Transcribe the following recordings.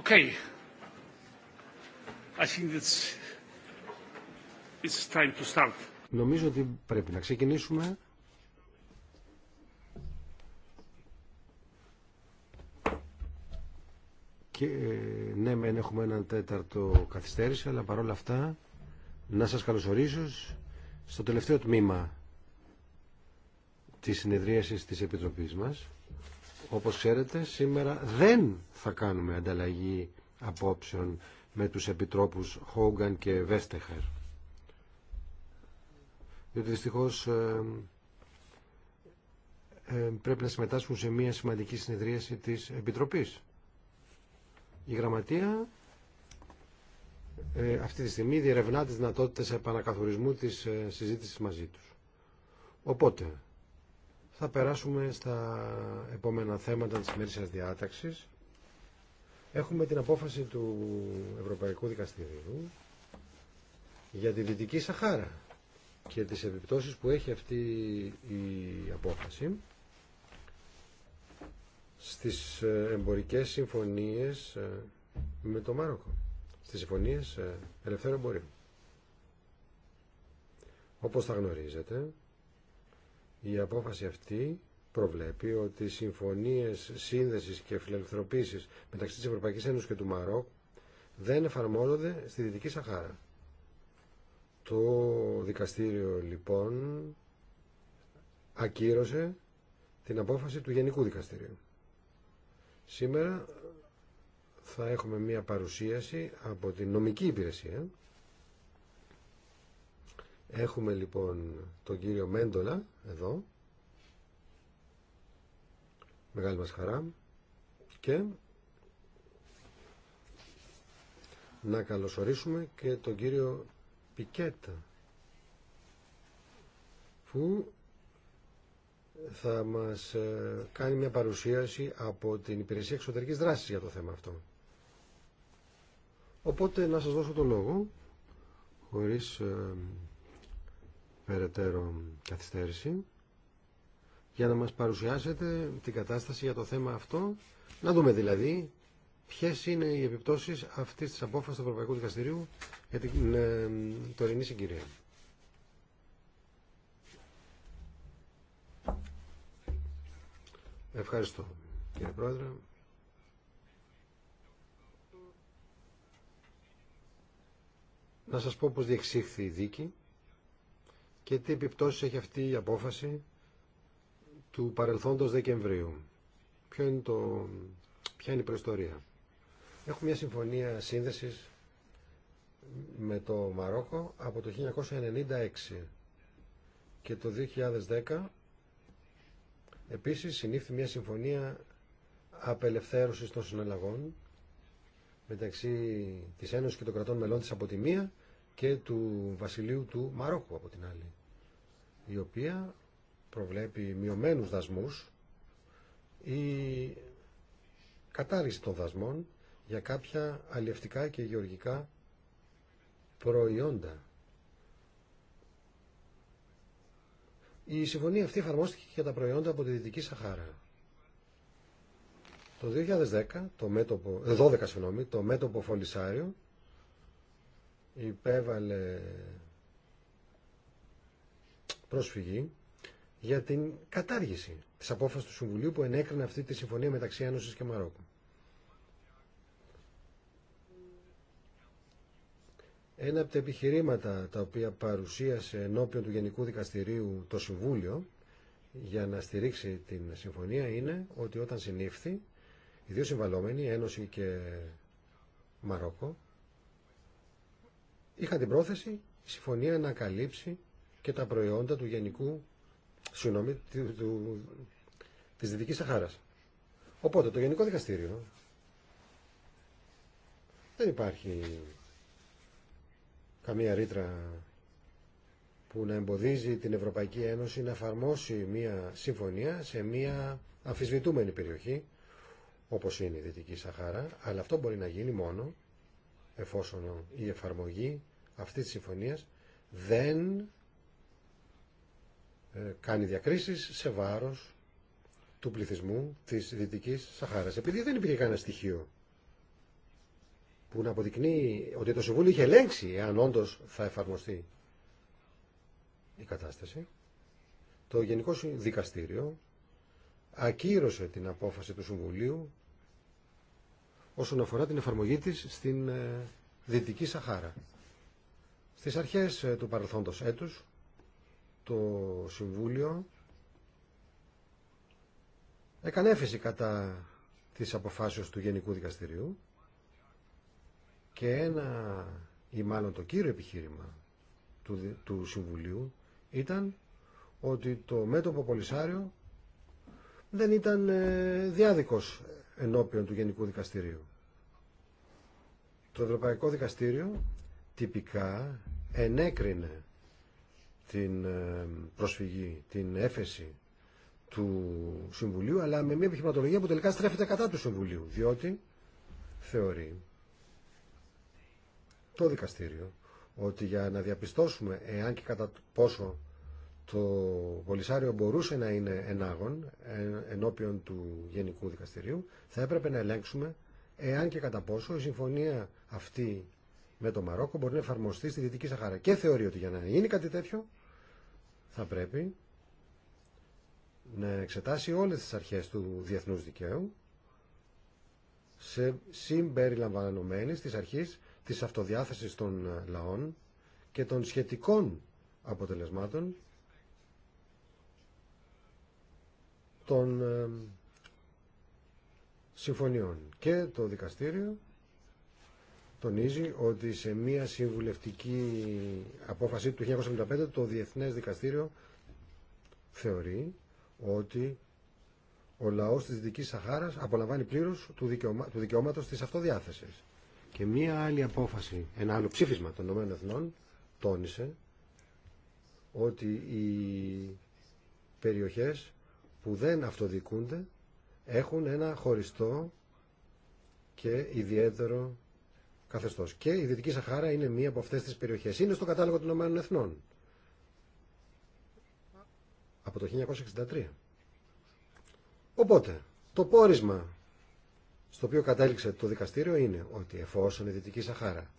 Okay. I think it's, it's time to start. Νομίζω ότι πρέπει να ξεκινήσουμε. Και, ε, ναι, μεν έχουμε έναν τέταρτο καθυστέρηση, αλλά παρόλα αυτά να σας καλωσορίσω στο τελευταίο τμήμα της συνεδρίασης της Επιτροπής μας. Όπως ξέρετε, σήμερα δεν θα κάνουμε ανταλλαγή απόψεων με τους επιτρόπους Χόγκαν και Βέστεχερ. Διότι δυστυχώς ε, ε, πρέπει να συμμετάσχουν σε μια σημαντική συνεδρίαση της Επιτροπής. Η Γραμματεία ε, αυτή τη στιγμή διερευνά τις δυνατότητες επανακαθορισμού της συζήτησης μαζί τους. Οπότε, θα περάσουμε στα επόμενα θέματα της σημερινής διάταξης. Έχουμε την απόφαση του Ευρωπαϊκού Δικαστηρίου για τη Δυτική Σαχάρα και τις επιπτώσεις που έχει αυτή η απόφαση στις ε, εμπορικές συμφωνίες ε, με το Μάροκο, στις συμφωνίες ε, ελευθέρω εμπορίου. Όπως θα γνωρίζετε, η απόφαση αυτή προβλέπει ότι οι συμφωνίες σύνδεσης και φιλελευθεροποίησης μεταξύ της Ευρωπαϊκής Ένωσης και του Μαρόκ δεν εφαρμόζονται στη Δυτική Σαχάρα. Το δικαστήριο λοιπόν ακύρωσε την απόφαση του Γενικού Δικαστηρίου. Σήμερα θα έχουμε μία παρουσίαση από την νομική υπηρεσία Έχουμε λοιπόν τον κύριο Μέντολα εδώ. Μεγάλη μας χαρά. Και να καλωσορίσουμε και τον κύριο Πικέτα που θα μας ε, κάνει μια παρουσίαση από την Υπηρεσία Εξωτερικής Δράσης για το θέμα αυτό. Οπότε να σας δώσω το λόγο χωρίς ε, περαιτέρω καθυστέρηση για να μας παρουσιάσετε την κατάσταση για το θέμα αυτό. Να δούμε δηλαδή ποιες είναι οι επιπτώσεις αυτής της απόφασης του Ευρωπαϊκού Δικαστηρίου για την ε, τωρινή συγκυρία. Ευχαριστώ κύριε Πρόεδρε. Να σας πω πώς διεξήχθη η δίκη και τι επιπτώσεις έχει αυτή η απόφαση του παρελθόντος Δεκεμβρίου. Ποιο είναι το, ποια είναι η προϊστορία. Έχουμε μια συμφωνία σύνδεσης με το Μαρόκο από το 1996 και το 2010 επίσης συνήφθη μια συμφωνία απελευθέρωσης των συναλλαγών μεταξύ της Ένωσης και των κρατών μελών της από τη μία και του βασιλείου του Μαρόκου από την άλλη, η οποία προβλέπει μειωμένους δασμούς ή κατάργηση των δασμών για κάποια αλλιευτικά και γεωργικά προϊόντα. Η συμφωνία αυτή εφαρμόστηκε για τα προϊόντα από τη Δυτική Σαχάρα. Το 2010, το μέτωπο, 12 ε, συγγνώμη, το μέτωπο Φολισάριο υπέβαλε προσφυγή για την κατάργηση της απόφασης του Συμβουλίου που ενέκρινε αυτή τη συμφωνία μεταξύ Ένωσης και Μαρόκου. Ένα από τα επιχειρήματα τα οποία παρουσίασε ενώπιον του Γενικού Δικαστηρίου το Συμβούλιο για να στηρίξει την συμφωνία είναι ότι όταν συνήφθη οι δύο συμβαλόμενοι, Ένωση και Μαρόκο, είχαν την πρόθεση η συμφωνία να καλύψει και τα προϊόντα του γενικού, συγγνώμη, του, της Δυτικής Σαχάρας. Οπότε το Γενικό Δικαστήριο δεν υπάρχει καμία ρήτρα που να εμποδίζει την Ευρωπαϊκή Ένωση να εφαρμόσει μια συμφωνία σε μια αμφισβητούμενη περιοχή όπως είναι η Δυτική Σαχάρα αλλά αυτό μπορεί να γίνει μόνο εφόσον η εφαρμογή αυτής της συμφωνίας δεν ε, κάνει διακρίσεις σε βάρος του πληθυσμού της Δυτικής Σαχάρας. Επειδή δεν υπήρχε κανένα στοιχείο που να αποδεικνύει ότι το Συμβούλιο είχε ελέγξει εάν όντω θα εφαρμοστεί η κατάσταση, το Γενικό Δικαστήριο ακύρωσε την απόφαση του Συμβουλίου όσον αφορά την εφαρμογή της στην ε, Δυτική Σαχάρα. Στις αρχές ε, του παρελθόντος έτους το Συμβούλιο έκανε έφεση κατά της αποφάσεως του Γενικού Δικαστηρίου και ένα ή μάλλον το κύριο επιχείρημα του, του Συμβουλίου ήταν ότι το μέτωπο Πολυσάριο δεν ήταν ε, διάδικος ενώπιον του Γενικού Δικαστηρίου. Το Ευρωπαϊκό Δικαστήριο τυπικά ενέκρινε την ε, προσφυγή, την έφεση του Συμβουλίου, αλλά με μια επιχειρηματολογία που τελικά στρέφεται κατά του Συμβουλίου, διότι θεωρεί το δικαστήριο ότι για να διαπιστώσουμε εάν και κατά πόσο το Πολυσάριο μπορούσε να είναι ενάγων ε, ενώπιον του Γενικού Δικαστηρίου, θα έπρεπε να ελέγξουμε εάν και κατά πόσο η συμφωνία αυτή με το Μαρόκο μπορεί να εφαρμοστεί στη Δυτική Σαχάρα. Και θεωρεί ότι για να γίνει κάτι τέτοιο θα πρέπει να εξετάσει όλες τις αρχές του διεθνούς δικαίου σε συμπεριλαμβανομένης της αρχής της αυτοδιάθεσης των λαών και των σχετικών αποτελεσμάτων των συμφωνιών. Και το δικαστήριο τονίζει ότι σε μία συμβουλευτική απόφαση του 1975 το Διεθνές Δικαστήριο θεωρεί ότι ο λαός της Δυτικής Σαχάρας απολαμβάνει πλήρως του, δικαιωμα... του δικαιώματος της αυτοδιάθεσης. Και μία άλλη απόφαση, ένα άλλο ψήφισμα των ΗΕ τόνισε ότι οι περιοχές που δεν αυτοδικούνται έχουν ένα χωριστό και ιδιαίτερο καθεστώς. Και η Δυτική Σαχάρα είναι μία από αυτές τις περιοχές. Είναι στο κατάλογο των Ηνωμένων Εθνών. Από το 1963. Οπότε, το πόρισμα στο οποίο κατέληξε το δικαστήριο είναι ότι εφόσον η Δυτική Σαχάρα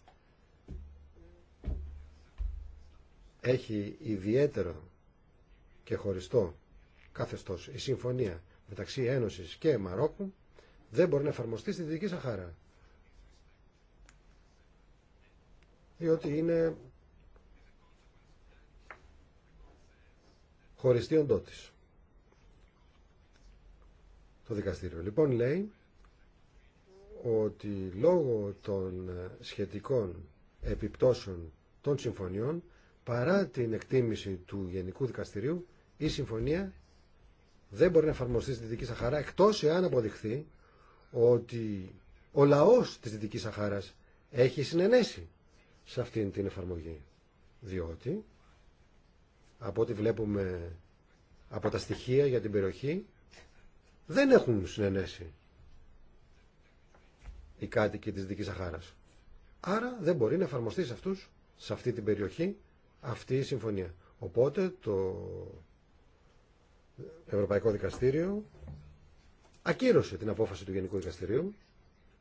έχει ιδιαίτερο και χωριστό καθεστώς. Η συμφωνία μεταξύ Ένωσης και Μαρόκου δεν μπορεί να εφαρμοστεί στη Δυτική Σαχάρα. Διότι είναι χωριστή οντότης. Το δικαστήριο λοιπόν λέει ότι λόγω των σχετικών επιπτώσεων των συμφωνιών παρά την εκτίμηση του Γενικού Δικαστηρίου η συμφωνία δεν μπορεί να εφαρμοστεί στη Δυτική Σαχάρα εκτός εάν αποδειχθεί ότι ο λαός της Δυτικής Σαχάρας έχει συνενέσει σε αυτήν την εφαρμογή. Διότι, από ό,τι βλέπουμε από τα στοιχεία για την περιοχή, δεν έχουν συνενέσει οι κάτοικοι της Δυτικής Σαχάρας. Άρα δεν μπορεί να εφαρμοστεί σε αυτούς, σε αυτή την περιοχή, αυτή η συμφωνία. Οπότε το Ευρωπαϊκό Δικαστήριο ακύρωσε την απόφαση του Γενικού Δικαστηρίου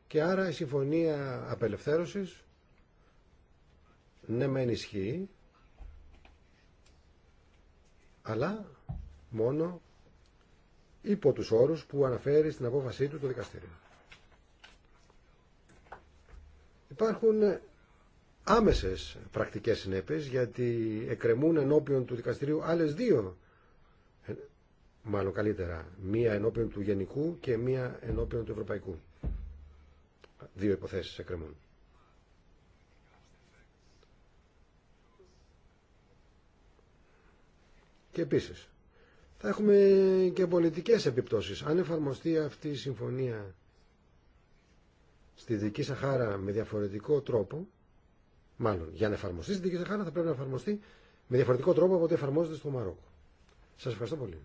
και άρα η συμφωνία απελευθέρωσης ναι με ενισχύει αλλά μόνο υπό τους όρους που αναφέρει στην απόφασή του το δικαστήριο. Υπάρχουν άμεσες πρακτικές συνέπειες γιατί εκκρεμούν ενώπιον του δικαστηρίου άλλες δύο μάλλον καλύτερα, μία ενώπιον του γενικού και μία ενώπιον του ευρωπαϊκού. Δύο υποθέσεις εκκρεμούν. Και επίσης, θα έχουμε και πολιτικές επιπτώσεις. Αν εφαρμοστεί αυτή η συμφωνία στη Δική Σαχάρα με διαφορετικό τρόπο, μάλλον για να εφαρμοστεί στη Δική Σαχάρα θα πρέπει να εφαρμοστεί με διαφορετικό τρόπο από ό,τι εφαρμόζεται στο Μαρόκο. Σας ευχαριστώ πολύ.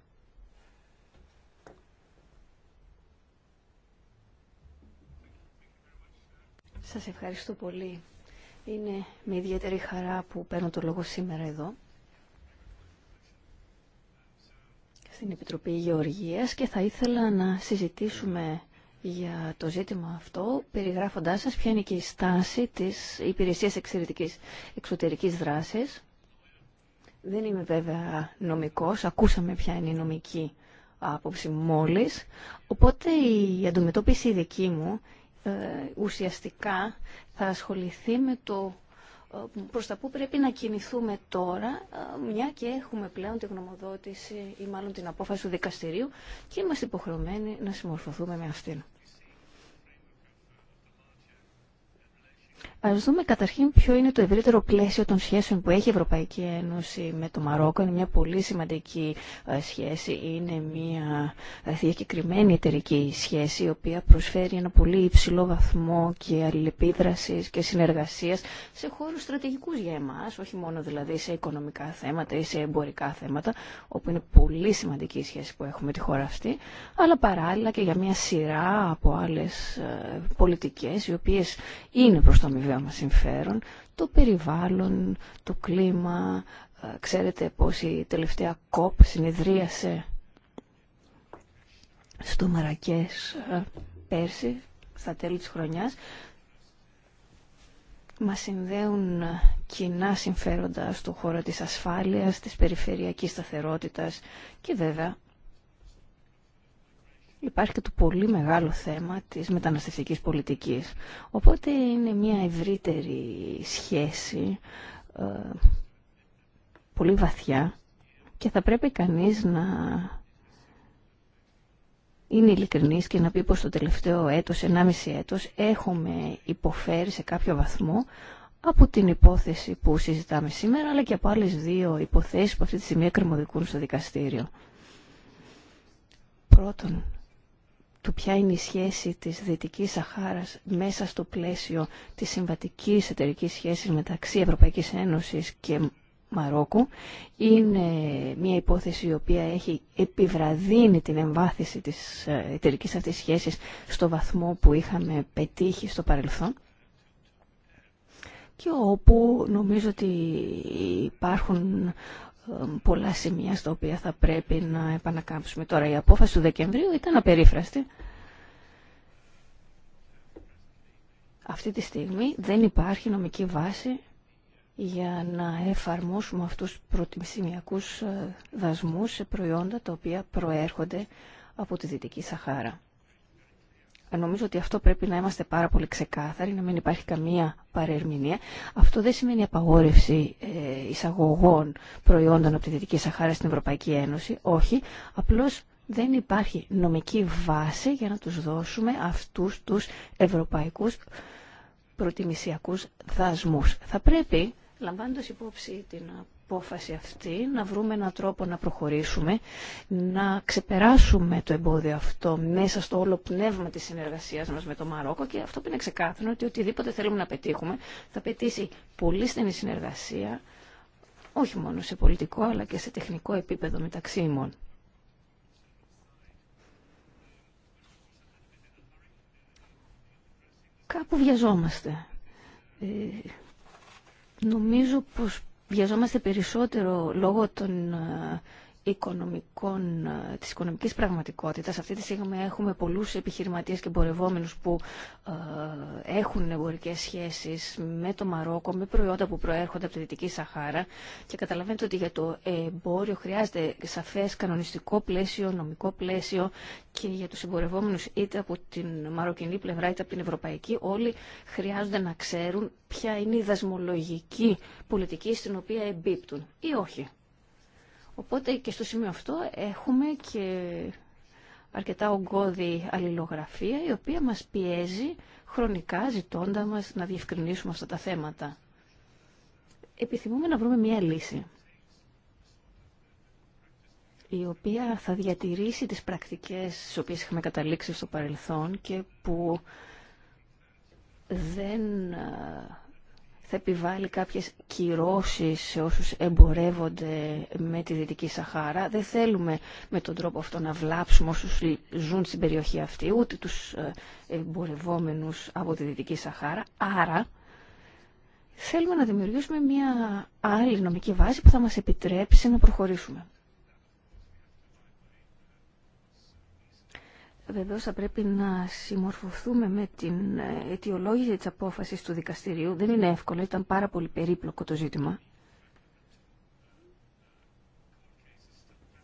Σας ευχαριστώ πολύ. Είναι με ιδιαίτερη χαρά που παίρνω το λόγο σήμερα εδώ στην Επιτροπή Γεωργίας και θα ήθελα να συζητήσουμε για το ζήτημα αυτό, περιγράφοντάς σας ποια είναι και η στάση της Υπηρεσίας Εξαιρετικής Εξωτερικής Δράσης. Δεν είμαι βέβαια νομικός, ακούσαμε ποια είναι η νομική άποψη μόλις, οπότε η αντιμετώπιση δική μου ε, ουσιαστικά θα ασχοληθεί με το ε, προς τα που πρέπει να κινηθούμε τώρα, ε, μια και έχουμε πλέον τη γνωμοδότηση ή μάλλον την απόφαση του δικαστηρίου και είμαστε υποχρεωμένοι να συμμορφωθούμε με αυτήν. Α δούμε καταρχήν ποιο είναι το ευρύτερο πλαίσιο των σχέσεων που έχει η Ευρωπαϊκή Ένωση με το Μαρόκο. Είναι μια πολύ σημαντική ε, σχέση. Είναι μια ε, διακεκριμένη εταιρική σχέση η οποία προσφέρει ένα πολύ υψηλό βαθμό και αλληλεπίδραση και συνεργασία σε χώρου στρατηγικού για εμάς, όχι μόνο δηλαδή σε οικονομικά θέματα ή σε εμπορικά θέματα, όπου είναι πολύ σημαντική η σχέση που έχουμε τη χώρα αυτή, αλλά παράλληλα και για μια σειρά από άλλε πολιτικέ, οι οποίε είναι προ το αμοιβέ μας συμφέρον, το περιβάλλον, το κλίμα. Ε, ξέρετε πώς η τελευταία κόπ συνεδρίασε στο Μαρακές ε, πέρσι, στα τέλη της χρονιάς. Μας συνδέουν ε, κοινά συμφέροντα στον χώρο της ασφάλειας, της περιφερειακής σταθερότητας και βέβαια Υπάρχει και το πολύ μεγάλο θέμα της μεταναστευτικής πολιτικής. Οπότε είναι μια ευρύτερη σχέση, ε, πολύ βαθιά και θα πρέπει κανείς να είναι ειλικρινής και να πει πως το τελευταίο έτος, ενάμιση έτος, έχουμε υποφέρει σε κάποιο βαθμό από την υπόθεση που συζητάμε σήμερα, αλλά και από άλλες δύο υποθέσεις που αυτή τη στιγμή εκκρεμωδικούν στο δικαστήριο. Πρώτον, του ποια είναι η σχέση της Δυτικής Σαχάρας μέσα στο πλαίσιο της συμβατικής εταιρική σχέσης μεταξύ Ευρωπαϊκής Ένωσης και Μαρόκου είναι μια υπόθεση η οποία έχει επιβραδύνει την εμβάθυνση της ε, εταιρική αυτής σχέσης στο βαθμό που είχαμε πετύχει στο παρελθόν και όπου νομίζω ότι υπάρχουν πολλά σημεία στα οποία θα πρέπει να επανακάμψουμε. Τώρα η απόφαση του Δεκεμβρίου ήταν απερίφραστη. Αυτή τη στιγμή δεν υπάρχει νομική βάση για να εφαρμόσουμε αυτούς τους προτιμησιακούς ε, δασμούς σε προϊόντα τα οποία προέρχονται από τη Δυτική Σαχάρα. Νομίζω ότι αυτό πρέπει να είμαστε πάρα πολύ ξεκάθαροι, να μην υπάρχει καμία παρερμηνία. Αυτό δεν σημαίνει απαγόρευση ε, εισαγωγών προϊόντων από τη Δυτική Σαχάρα στην Ευρωπαϊκή Ένωση. Όχι, απλώς δεν υπάρχει νομική βάση για να τους δώσουμε αυτούς τους ευρωπαϊκούς προτιμησιακούς δασμούς. Θα πρέπει, λαμβάνοντας υπόψη την απόφαση αυτή, να βρούμε έναν τρόπο να προχωρήσουμε, να ξεπεράσουμε το εμπόδιο αυτό μέσα στο όλο πνεύμα της συνεργασίας μας με το Μαρόκο και αυτό που είναι ξεκάθαρο ότι οτιδήποτε θέλουμε να πετύχουμε θα πετύσει πολύ στενή συνεργασία, όχι μόνο σε πολιτικό αλλά και σε τεχνικό επίπεδο μεταξύ ημών. Κάπου βιαζόμαστε. Ε, νομίζω πως βιαζόμαστε περισσότερο λόγω των ε, οικονομικών, ε, της οικονομικής πραγματικότητας. Αυτή τη στιγμή έχουμε πολλούς επιχειρηματίες και εμπορευόμενους που ε, έχουν εμπορικές σχέσεις με το Μαρόκο, με προϊόντα που προέρχονται από τη Δυτική Σαχάρα και καταλαβαίνετε ότι για το εμπόριο χρειάζεται σαφές κανονιστικό πλαίσιο, νομικό πλαίσιο και για τους εμπορευόμενους είτε από την μαροκινή πλευρά είτε από την ευρωπαϊκή όλοι χρειάζονται να ξέρουν ποια είναι η δασμολογική πολιτική στην οποία εμπίπτουν ή όχι. Οπότε και στο σημείο αυτό έχουμε και αρκετά ογκώδη αλληλογραφία η οποία μας πιέζει χρονικά ζητώντα μας να διευκρινίσουμε αυτά τα θέματα. Επιθυμούμε να βρούμε μια λύση η οποία θα διατηρήσει τις πρακτικές στις οποίες είχαμε καταλήξει στο παρελθόν και που δεν θα επιβάλλει κάποιες κυρώσεις σε όσους εμπορεύονται με τη Δυτική Σαχάρα. Δεν θέλουμε με τον τρόπο αυτό να βλάψουμε όσους ζουν στην περιοχή αυτή, ούτε τους ε, εμπορευόμενους από τη Δυτική Σαχάρα. Άρα θέλουμε να δημιουργήσουμε μια άλλη νομική βάση που θα μας επιτρέψει να προχωρήσουμε. Βεβαίω θα πρέπει να συμμορφωθούμε με την ε, αιτιολόγηση της απόφασης του δικαστηρίου. Δεν είναι εύκολο, ήταν πάρα πολύ περίπλοκο το ζήτημα.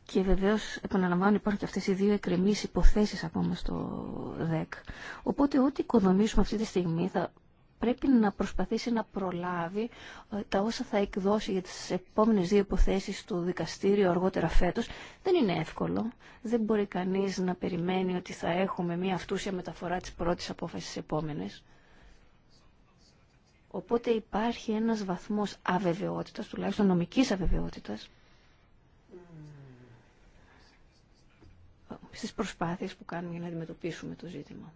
Και βεβαίω επαναλαμβάνω, υπάρχουν και αυτές οι δύο εκκρεμίε υποθέσεις ακόμα στο ΔΕΚ. Οπότε ό,τι οικοδομήσουμε αυτή τη στιγμή θα πρέπει να προσπαθήσει να προλάβει ε, τα όσα θα εκδώσει για τις επόμενες δύο υποθέσεις του δικαστήριο αργότερα φέτος. Δεν είναι εύκολο. Δεν μπορεί κανείς να περιμένει ότι θα έχουμε μια αυτούσια μεταφορά της πρώτης απόφασης της Οπότε υπάρχει ένας βαθμός αβεβαιότητας, τουλάχιστον νομικής αβεβαιότητας, στις προσπάθειες που κάνουμε για να αντιμετωπίσουμε το ζήτημα.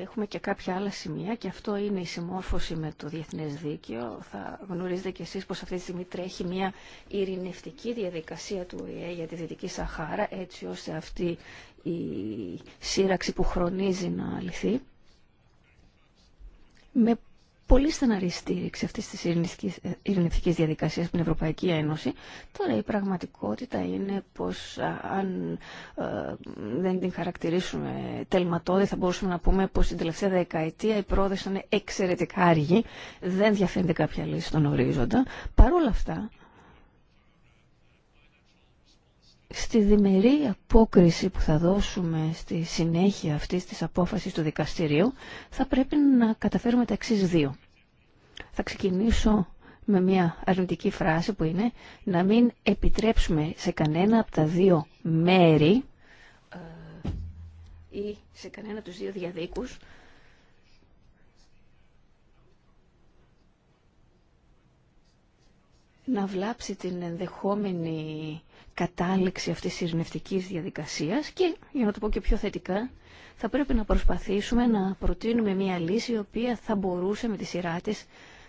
Έχουμε και κάποια άλλα σημεία και αυτό είναι η συμμόρφωση με το διεθνές δίκαιο. Θα γνωρίζετε κι εσείς πως αυτή τη στιγμή τρέχει μια ειρηνευτική διαδικασία του ΟΗΕ για τη Δυτική Σαχάρα έτσι ώστε αυτή η σύραξη που χρονίζει να λυθεί με πολύ στεναρή στήριξη αυτής της ε, ειρηνευτικής διαδικασίας στην Ευρωπαϊκή Ένωση. Τώρα η πραγματικότητα είναι πως αν ε, δεν την χαρακτηρίσουμε τελματώδη θα μπορούσαμε να πούμε πως την τελευταία δεκαετία οι πρόοδες ήταν εξαιρετικά αργοί. δεν διαφαίνεται κάποια λύση στον ορίζοντα. Παρ' όλα αυτά Στη διμερή απόκριση που θα δώσουμε στη συνέχεια αυτής της απόφασης του δικαστηρίου θα πρέπει να καταφέρουμε τα εξή δύο. Θα ξεκινήσω με μια αρνητική φράση που είναι να μην επιτρέψουμε σε κανένα από τα δύο μέρη ε, ή σε κανένα από τους δύο διαδίκους να βλάψει την ενδεχόμενη κατάληξη αυτής της ειρηνευτικής διαδικασίας και, για να το πω και πιο θετικά, θα πρέπει να προσπαθήσουμε να προτείνουμε μια λύση η οποία θα μπορούσε με τη σειρά της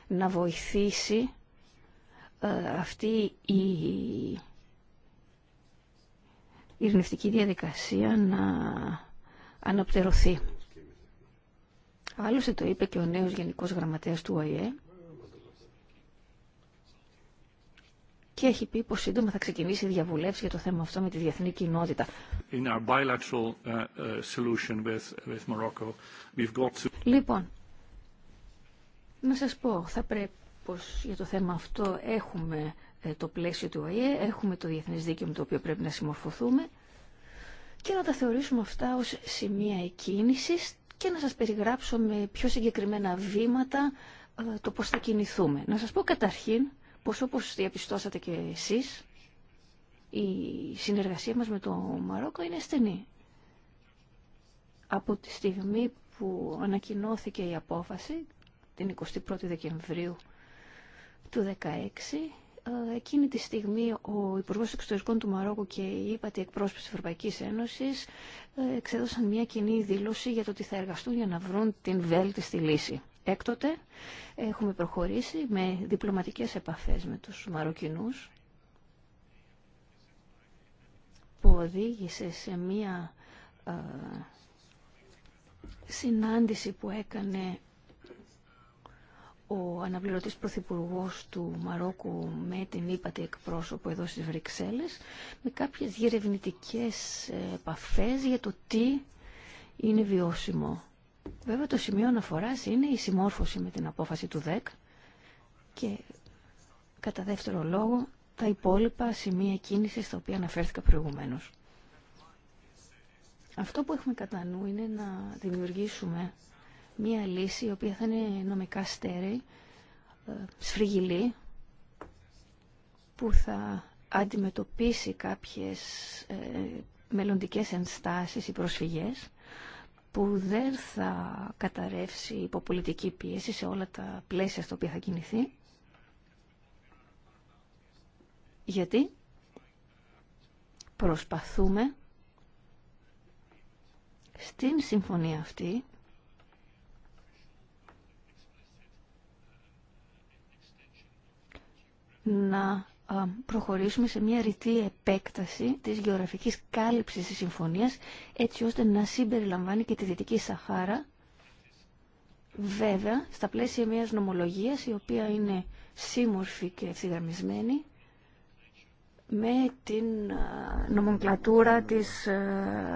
να βοηθήσει ε, αυτή η ειρηνευτική διαδικασία να αναπτερωθεί. Άλλωστε το είπε και ο νέος Γενικός Γραμματέας του ΟΗΕ και έχει πει πως σύντομα θα ξεκινήσει η διαβουλεύση για το θέμα αυτό με τη διεθνή κοινότητα. Λοιπόν, να σας πω, θα πρέπει πως για το θέμα αυτό έχουμε ε, το πλαίσιο του ΟΗΕ, έχουμε το διεθνές δίκαιο με το οποίο πρέπει να συμμορφωθούμε και να τα θεωρήσουμε αυτά ως σημεία εκκίνησης και να σας περιγράψω με πιο συγκεκριμένα βήματα ε, το πώς θα κινηθούμε. Να σας πω καταρχήν πως όπως διαπιστώσατε και εσείς, η συνεργασία μας με το Μαρόκο είναι στενή. Από τη στιγμή που ανακοινώθηκε η απόφαση, την 21η Δεκεμβρίου του 2016, ε, εκείνη τη στιγμή ο Υπουργό Εξωτερικών του Μαρόκου και η ΥΠΑΤΗ εκπρόσωπη τη Ευρωπαϊκή Ένωση ε, εξέδωσαν μια κοινή δήλωση για το ότι θα εργαστούν για να βρουν την βέλτιστη λύση. Έκτοτε έχουμε προχωρήσει με διπλωματικές επαφές με τους Μαροκινούς που οδήγησε σε μία ε, συνάντηση που έκανε ο αναπληρωτής πρωθυπουργός του Μαρόκου με την ύπατη εκπρόσωπο εδώ στις Βρυξέλλες με κάποιες διερευνητικές ε, επαφές για το τι είναι βιώσιμο Βέβαια το σημείο αναφοράς είναι η συμμόρφωση με την απόφαση του ΔΕΚ και κατά δεύτερο λόγο τα υπόλοιπα σημεία κίνησης τα οποία αναφέρθηκα προηγουμένως. Αυτό που έχουμε κατά νου είναι να δημιουργήσουμε μία λύση η οποία θα είναι νομικά στέρεη, ε, σφριγιλή, που θα αντιμετωπίσει κάποιες ε, μελλοντικές ενστάσεις ή προσφυγές που δεν θα καταρρεύσει υποπολιτική πίεση σε όλα τα πλαίσια στο οποία θα κινηθεί. Γιατί προσπαθούμε στην συμφωνία αυτή να προχωρήσουμε σε μια ρητή επέκταση της γεωγραφικής κάλυψης της συμφωνίας έτσι ώστε να συμπεριλαμβάνει και τη Δυτική Σαχάρα βέβαια στα πλαίσια μιας νομολογίας η οποία είναι σύμμορφη και ευθυγραμμισμένη με την νομοκλατούρα της,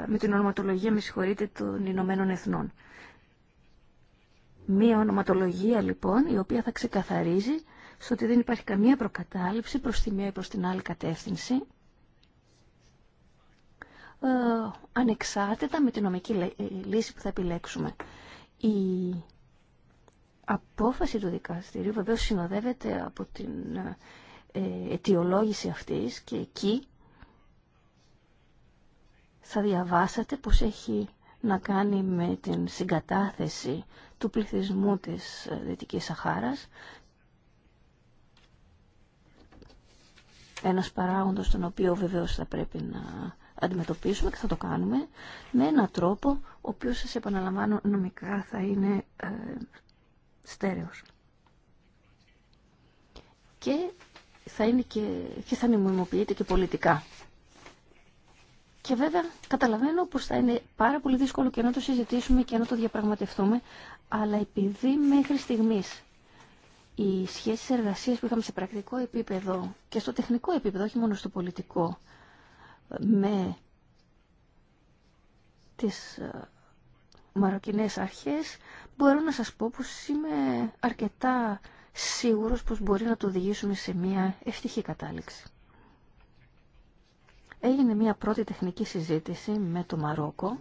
με την ονοματολογία, με συγχωρείτε, των Ηνωμένων Εθνών. Μία ονοματολογία λοιπόν η οποία θα ξεκαθαρίζει στο ότι δεν υπάρχει καμία προκατάληψη προς τη μία ή προς την άλλη κατεύθυνση, ε, ανεξάρτητα με τη νομική ε, λύση που θα επιλέξουμε. Η απόφαση του δικαστηρίου βεβαίως συνοδεύεται από την ε, αιτιολόγηση αυτής και εκεί θα διαβάσατε πως έχει να κάνει με την συγκατάθεση του πληθυσμού της Δυτικής Σαχάρας ένας παράγοντας τον οποίο βεβαίως θα πρέπει να αντιμετωπίσουμε και θα το κάνουμε με έναν τρόπο ο οποίος σας επαναλαμβάνω νομικά θα είναι ε, στέρεος. Και θα, είναι και, και θα νομιμοποιείται και πολιτικά. Και βέβαια καταλαβαίνω πως θα είναι πάρα πολύ δύσκολο και να το συζητήσουμε και να το διαπραγματευτούμε, αλλά επειδή μέχρι στιγμής οι σχέσεις εργασίας που είχαμε σε πρακτικό επίπεδο και στο τεχνικό επίπεδο, όχι μόνο στο πολιτικό, με τις ε, μαροκινές αρχές, μπορώ να σας πω πως είμαι αρκετά σίγουρος πως μπορεί να το οδηγήσουμε σε μια ευτυχή κατάληξη. Έγινε μια πρώτη τεχνική συζήτηση με το Μαρόκο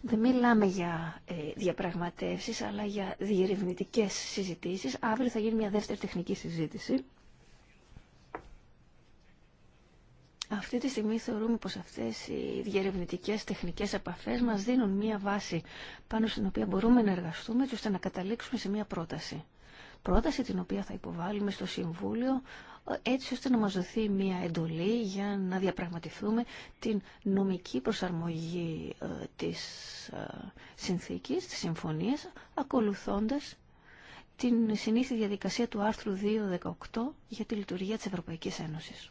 δεν μιλάμε για ε, διαπραγματεύσεις, αλλά για διερευνητικές συζητήσεις. Αύριο θα γίνει μια δεύτερη τεχνική συζήτηση. Αυτή τη στιγμή θεωρούμε πως αυτές οι διερευνητικές τεχνικές επαφές μας δίνουν μια βάση πάνω στην οποία μπορούμε να εργαστούμε ώστε να καταλήξουμε σε μια πρόταση. Πρόταση την οποία θα υποβάλουμε στο Συμβούλιο έτσι ώστε να μας δοθεί μια εντολή για να διαπραγματευτούμε την νομική προσαρμογή ε, της ε, συνθήκης, της συμφωνίας, ακολουθώντας την συνήθη διαδικασία του άρθρου 2.18 για τη λειτουργία της Ευρωπαϊκής Ένωσης.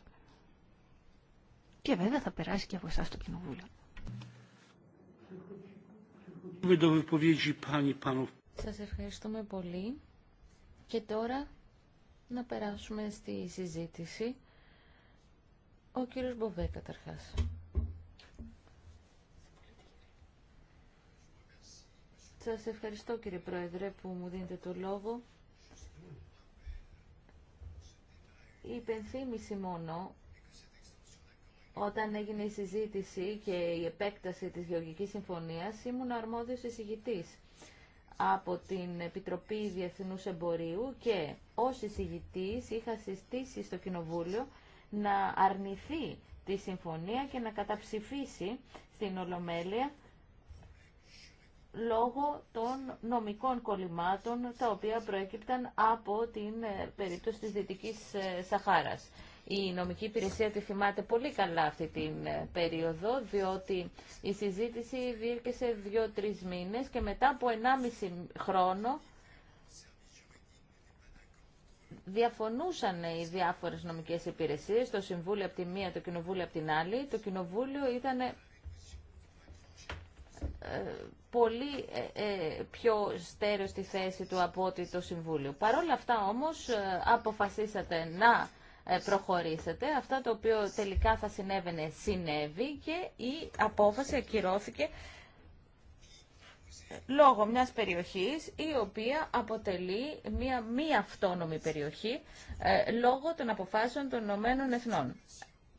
Και βέβαια θα περάσει και από εσάς το Κοινοβούλιο. Σας ευχαριστούμε πολύ. Και τώρα να περάσουμε στη συζήτηση. Ο κύριος Μποβέ καταρχάς. Σας ευχαριστώ κύριε Πρόεδρε που μου δίνετε το λόγο. Η υπενθύμηση μόνο όταν έγινε η συζήτηση και η επέκταση της Γεωργικής Συμφωνίας ήμουν αρμόδιος εισηγητής από την Επιτροπή Διεθνούς Εμπορίου και ως εισηγητής είχα συστήσει στο Κοινοβούλιο να αρνηθεί τη συμφωνία και να καταψηφίσει στην Ολομέλεια λόγω των νομικών κολλημάτων τα οποία προέκυπταν από την ε, περίπτωση της Δυτικής ε, Σαχάρας. Η νομική υπηρεσία τη θυμάται πολύ καλά αυτή την ε, περίοδο, διότι η συζήτηση διήρκεσε δύο-τρει μήνε και μετά από ενάμιση χρόνο διαφωνούσαν οι διάφορες νομικές υπηρεσίες, το Συμβούλιο από τη μία, το Κοινοβούλιο από την άλλη. Το Κοινοβούλιο ήταν ε, πολύ ε, πιο στέρεο στη θέση του από ότι το Συμβούλιο. Παρ' όλα αυτά όμως αποφασίσατε να ε, προχωρήσετε. Αυτά το οποίο τελικά θα συνέβαινε συνέβη και η απόφαση ακυρώθηκε λόγω μιας περιοχής η οποία αποτελεί μια μη αυτόνομη περιοχή ε, λόγω των αποφάσεων των Ηνωμένων Εθνών.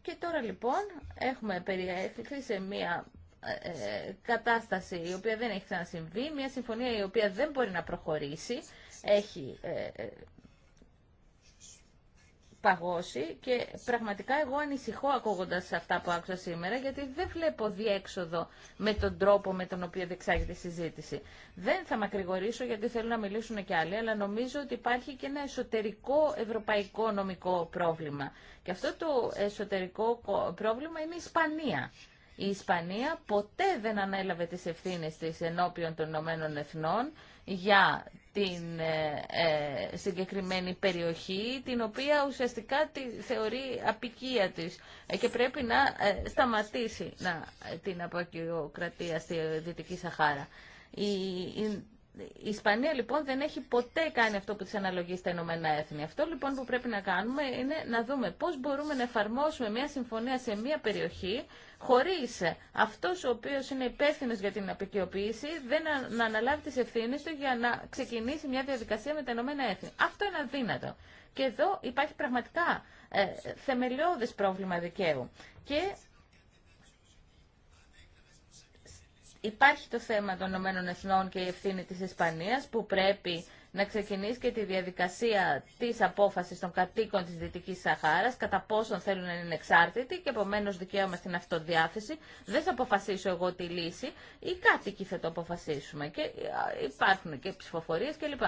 Και τώρα λοιπόν έχουμε περιέχθει σε μια ε, κατάσταση η οποία δεν έχει ξανασυμβεί, μια συμφωνία η οποία δεν μπορεί να προχωρήσει, έχει παγώσει και πραγματικά εγώ ανησυχώ ακούγοντας αυτά που άκουσα σήμερα γιατί δεν βλέπω διέξοδο με τον τρόπο με τον οποίο διεξάγεται η συζήτηση. Δεν θα μακρηγορήσω γιατί θέλω να μιλήσουν και άλλοι, αλλά νομίζω ότι υπάρχει και ένα εσωτερικό ευρωπαϊκό νομικό πρόβλημα. Και αυτό το εσωτερικό πρόβλημα είναι η Ισπανία. Η Ισπανία ποτέ δεν ανέλαβε τις ευθύνες της ενώπιον των Ηνωμένων Εθνών για την ε, ε, συγκεκριμένη περιοχή, την οποία ουσιαστικά τη θεωρεί απικία της ε, και πρέπει να σταματήσει να, την αποκειοκρατία στη Δυτική Σαχάρα. η η Ισπανία λοιπόν δεν έχει ποτέ κάνει αυτό που τη αναλογεί στα Ηνωμένα Έθνη. Αυτό λοιπόν που πρέπει να κάνουμε είναι να δούμε πώς μπορούμε να εφαρμόσουμε μια συμφωνία σε μια περιοχή χωρίς αυτός ο οποίος είναι υπεύθυνο για την απεικιοποίηση δεν να αναλάβει τις ευθύνε του για να ξεκινήσει μια διαδικασία με τα Ηνωμένα Έθνη. Αυτό είναι αδύνατο. Και εδώ υπάρχει πραγματικά ε, πρόβλημα δικαίου. Και Υπάρχει το θέμα των Ηνωμένων Εθνών και η ευθύνη της Ισπανίας που πρέπει να ξεκινήσει και τη διαδικασία της απόφασης των κατοίκων της Δυτικής Σαχάρας κατά πόσον θέλουν να είναι εξάρτητοι και επομένως δικαίωμα στην αυτοδιάθεση. Δεν θα αποφασίσω εγώ τη λύση. Οι κάτοικοι θα το αποφασίσουμε και υπάρχουν και ψηφοφορίες κλπ.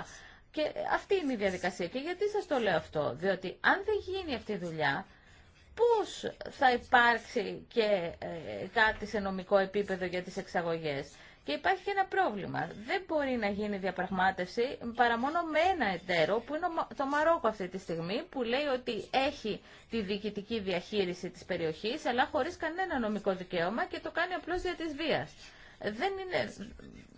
Και αυτή είναι η διαδικασία. Και γιατί σας το λέω αυτό. Διότι αν δεν γίνει αυτή η δουλειά πώς θα υπάρξει και ε, κάτι σε νομικό επίπεδο για τις εξαγωγές. Και υπάρχει και ένα πρόβλημα. Δεν μπορεί να γίνει διαπραγμάτευση παρά μόνο με ένα εταίρο που είναι το Μαρόκο αυτή τη στιγμή που λέει ότι έχει τη διοικητική διαχείριση της περιοχής αλλά χωρίς κανένα νομικό δικαίωμα και το κάνει απλώς για της βίας. Δεν είναι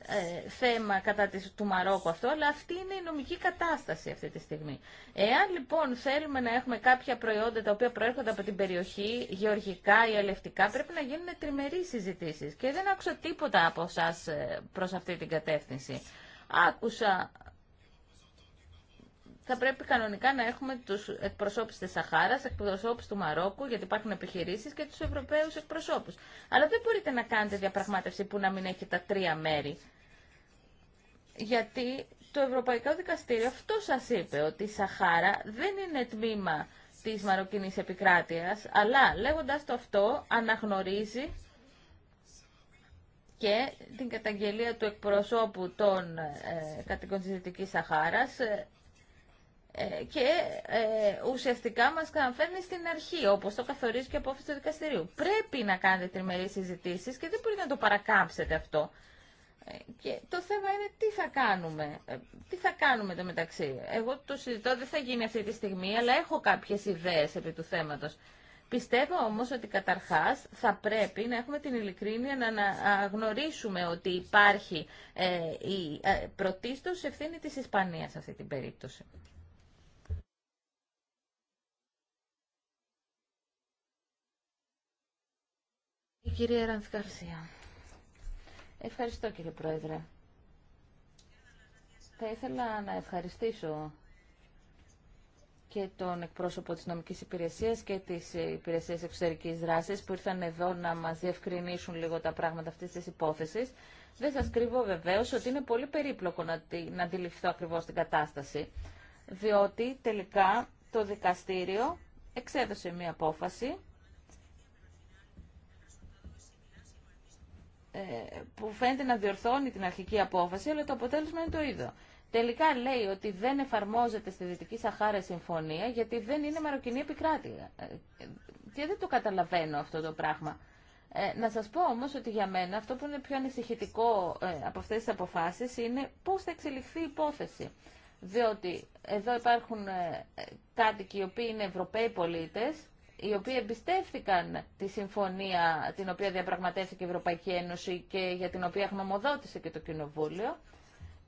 ε, θέμα κατά της, του Μαρόκου αυτό, αλλά αυτή είναι η νομική κατάσταση αυτή τη στιγμή. Εάν λοιπόν θέλουμε να έχουμε κάποια προϊόντα τα οποία προέρχονται από την περιοχή, γεωργικά ή αλευτικά, πρέπει να γίνουν τριμερείς συζητήσεις. Και δεν άκουσα τίποτα από εσά ε, προς αυτή την κατεύθυνση. Άκουσα θα πρέπει κανονικά να έχουμε τους εκπροσώπους της Σαχάρα, εκπροσώπου του Μαρόκου, γιατί υπάρχουν επιχειρήσεις και του Ευρωπαίου εκπροσώπου. Αλλά δεν μπορείτε να κάνετε διαπραγμάτευση που να μην έχει τα τρία μέρη. Γιατί το Ευρωπαϊκό Δικαστήριο αυτό σα είπε, ότι η Σαχάρα δεν είναι τμήμα της Μαροκινής επικράτειας, αλλά λέγοντα το αυτό αναγνωρίζει και την καταγγελία του εκπροσώπου των ε, κατοικών της Δυτικής Σαχάρας, ε, ε, και ε, ουσιαστικά μας καταφέρνει στην αρχή, όπως το καθορίζει και η απόφαση του δικαστηρίου. Πρέπει να κάνετε τριμερείς συζητήσεις και δεν μπορείτε να το παρακάμψετε αυτό. Ε, και το θέμα είναι τι θα κάνουμε. Τι θα κάνουμε το μεταξύ. Εγώ το συζητώ, δεν θα γίνει αυτή τη στιγμή, αλλά έχω κάποιες ιδέες επί του θέματος. Πιστεύω όμως ότι καταρχάς θα πρέπει να έχουμε την ειλικρίνεια να αναγνωρίσουμε ότι υπάρχει ε, η ε, πρωτίστως ευθύνη της Ισπανίας σε αυτή την περίπτωση. κυρία Ευχαριστώ κύριε Πρόεδρε. Θα ήθελα να ευχαριστήσω και τον εκπρόσωπο της νομικής υπηρεσίας και της υπηρεσίας εξωτερικής δράσης που ήρθαν εδώ να μας διευκρινίσουν λίγο τα πράγματα αυτής της υπόθεσης. Δεν σας κρύβω βεβαίως ότι είναι πολύ περίπλοκο να, να αντιληφθώ ακριβώς την κατάσταση, διότι τελικά το δικαστήριο εξέδωσε μία απόφαση Ε, που φαίνεται να διορθώνει την αρχική απόφαση, αλλά το αποτέλεσμα είναι το ίδιο. Τελικά λέει ότι δεν εφαρμόζεται στη Δυτική Σαχάρα συμφωνία γιατί δεν είναι μαροκινή επικράτεια. Ε, και δεν το καταλαβαίνω αυτό το πράγμα. Ε, να σας πω όμως ότι για μένα αυτό που είναι πιο ανησυχητικό ε, από αυτές τις αποφάσεις είναι πώς θα εξελιχθεί η υπόθεση. Διότι εδώ υπάρχουν κάτοικοι οι οποίοι είναι Ευρωπαίοι πολίτες οι οποίοι εμπιστεύτηκαν τη συμφωνία την οποία διαπραγματεύτηκε η Ευρωπαϊκή Ένωση και για την οποία γνωμοδότησε και το Κοινοβούλιο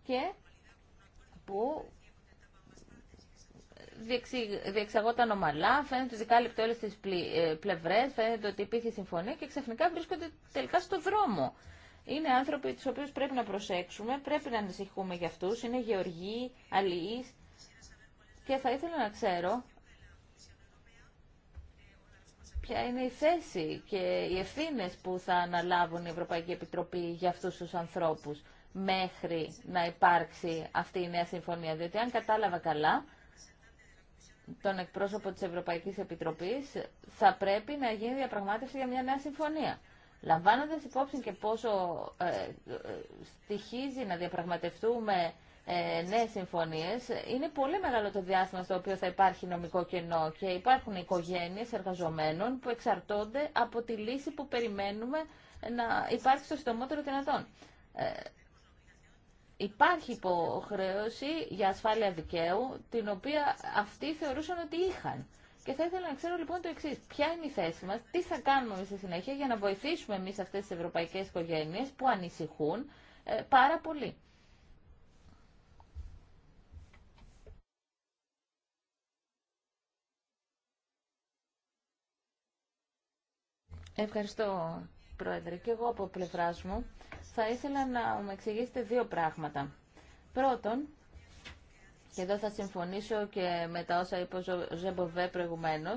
και που διεξαγόταν ομαλά, φαίνεται ότι κάλυπτε όλες τις ε, πλευρές, φαίνεται ότι υπήρχε συμφωνία και ξαφνικά βρίσκονται τελικά στο δρόμο. Είναι άνθρωποι τους οποίους πρέπει να προσέξουμε, πρέπει να ανησυχούμε για αυτούς, είναι γεωργοί, αλληλείς και θα ήθελα να ξέρω ποια είναι η θέση και οι ευθύνε που θα αναλάβουν η Ευρωπαϊκή Επιτροπή για αυτούς του ανθρώπου μέχρι να υπάρξει αυτή η νέα συμφωνία. Διότι αν κατάλαβα καλά, τον εκπρόσωπο της Ευρωπαϊκής Επιτροπής θα πρέπει να γίνει διαπραγμάτευση για μια νέα συμφωνία. Λαμβάνοντας υπόψη και πόσο ε, ε, στοιχίζει να διαπραγματευτούμε ε, νέες συμφωνίες, είναι πολύ μεγάλο το διάστημα στο οποίο θα υπάρχει νομικό κενό και υπάρχουν οικογένειες εργαζομένων που εξαρτώνται από τη λύση που περιμένουμε να υπάρχει στο συντομότερο δυνατόν. Ε, υπάρχει υποχρέωση για ασφάλεια δικαίου, την οποία αυτοί θεωρούσαν ότι είχαν. Και θα ήθελα να ξέρω λοιπόν το εξή. Ποια είναι η θέση μα, τι θα κάνουμε εμεί στη συνέχεια για να βοηθήσουμε εμεί αυτέ τι ευρωπαϊκέ οικογένειε που ανησυχούν ε, πάρα πολύ. Ευχαριστώ, Πρόεδρε. Και εγώ από πλευρά μου θα ήθελα να μου εξηγήσετε δύο πράγματα. Πρώτον, και εδώ θα συμφωνήσω και με τα όσα είπε ο Ζεμποβέ προηγουμένω.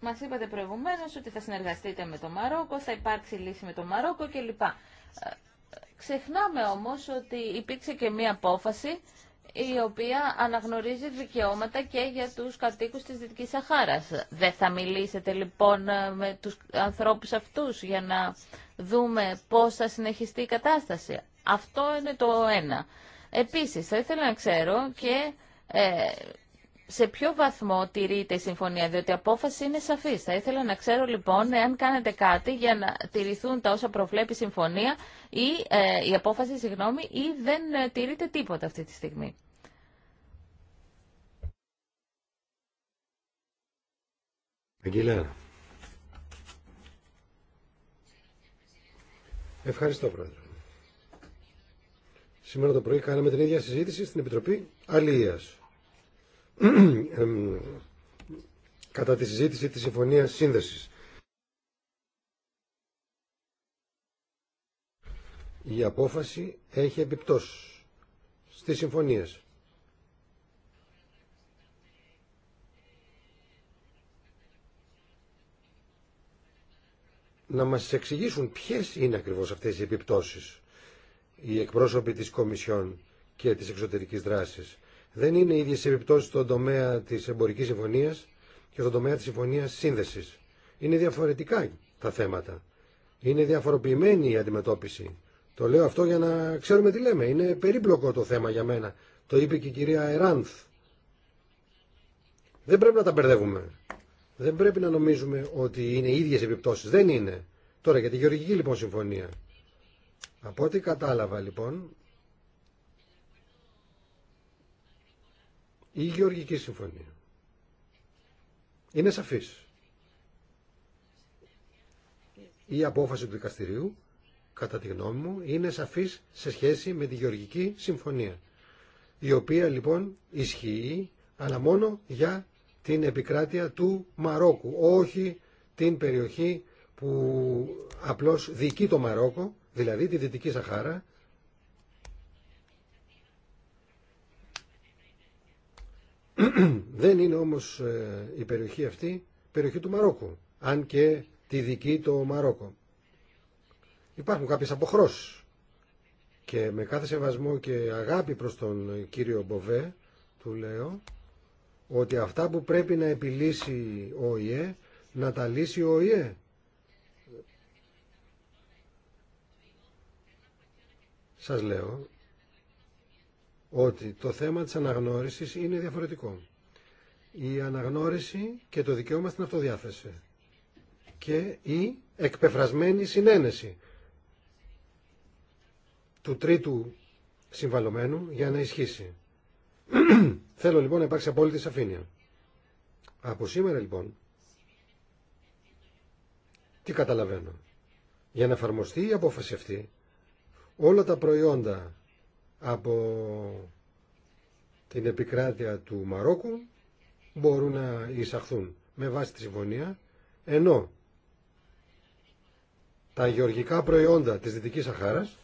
Μα είπατε προηγουμένω ότι θα συνεργαστείτε με το Μαρόκο, θα υπάρξει λύση με το Μαρόκο κλπ. Ε, ξεχνάμε όμως ότι υπήρξε και μία απόφαση η οποία αναγνωρίζει δικαιώματα και για τους κατοίκους της Δυτικής Σαχάρας. Δεν θα μιλήσετε λοιπόν με τους ανθρώπους αυτούς για να δούμε πώς θα συνεχιστεί η κατάσταση. Αυτό είναι το ένα. Επίσης, θα ήθελα να ξέρω και ε, σε ποιο βαθμό τηρείται η συμφωνία, διότι η απόφαση είναι σαφής. Θα ήθελα να ξέρω λοιπόν εάν κάνετε κάτι για να τηρηθούν τα όσα προβλέπει η συμφωνία ή ε, η απόφαση, συγγνώμη, ή δεν τηρείται τίποτα αυτή τη στιγμή. Ευχαριστώ, Πρόεδρε. Σήμερα το πρωί κάναμε την ίδια συζήτηση στην Επιτροπή Αλίας. Κατά τη συζήτηση της Συμφωνίας Σύνδεσης. Η απόφαση έχει επιπτώσεις στις συμφωνίες. να μας εξηγήσουν ποιες είναι ακριβώς αυτές οι επιπτώσεις οι εκπρόσωποι της Κομισιόν και της εξωτερικής δράσης. Δεν είναι οι ίδιες επιπτώσεις στον τομέα της εμπορικής συμφωνίας και στον τομέα της συμφωνίας σύνδεσης. Είναι διαφορετικά τα θέματα. Είναι διαφοροποιημένη η αντιμετώπιση. Το λέω αυτό για να ξέρουμε τι λέμε. Είναι περίπλοκο το θέμα για μένα. Το είπε και η κυρία Εράνθ. Δεν πρέπει να τα μπερδεύουμε δεν πρέπει να νομίζουμε ότι είναι οι ίδιες επιπτώσεις. Δεν είναι. Τώρα για τη γεωργική λοιπόν συμφωνία. Από ό,τι κατάλαβα λοιπόν, η γεωργική συμφωνία είναι σαφής. Η απόφαση του δικαστηρίου, κατά τη γνώμη μου, είναι σαφής σε σχέση με τη γεωργική συμφωνία, η οποία λοιπόν ισχύει, αλλά μόνο για την επικράτεια του Μαρόκου, όχι την περιοχή που απλώς δική το Μαρόκο, δηλαδή τη Δυτική Σαχάρα, Δεν είναι όμως ε, η περιοχή αυτή περιοχή του Μαρόκου, αν και τη δική το Μαρόκο. Υπάρχουν κάποιες αποχρώσεις και με κάθε σεβασμό και αγάπη προς τον κύριο Μποβέ του λέω ότι αυτά που πρέπει να επιλύσει ο ΙΕ να τα λύσει ο ΙΕ. Σας λέω ότι το θέμα της αναγνώρισης είναι διαφορετικό. Η αναγνώριση και το δικαίωμα στην αυτοδιάθεση και η εκπεφρασμένη συνένεση του τρίτου συμβαλωμένου για να ισχύσει. Θέλω λοιπόν να υπάρξει απόλυτη σαφήνεια. Από σήμερα λοιπόν, τι καταλαβαίνω. Για να εφαρμοστεί η απόφαση αυτή, όλα τα προϊόντα από την επικράτεια του Μαρόκου μπορούν να εισαχθούν με βάση τη συμφωνία, ενώ τα γεωργικά προϊόντα της Δυτικής Σαχάρας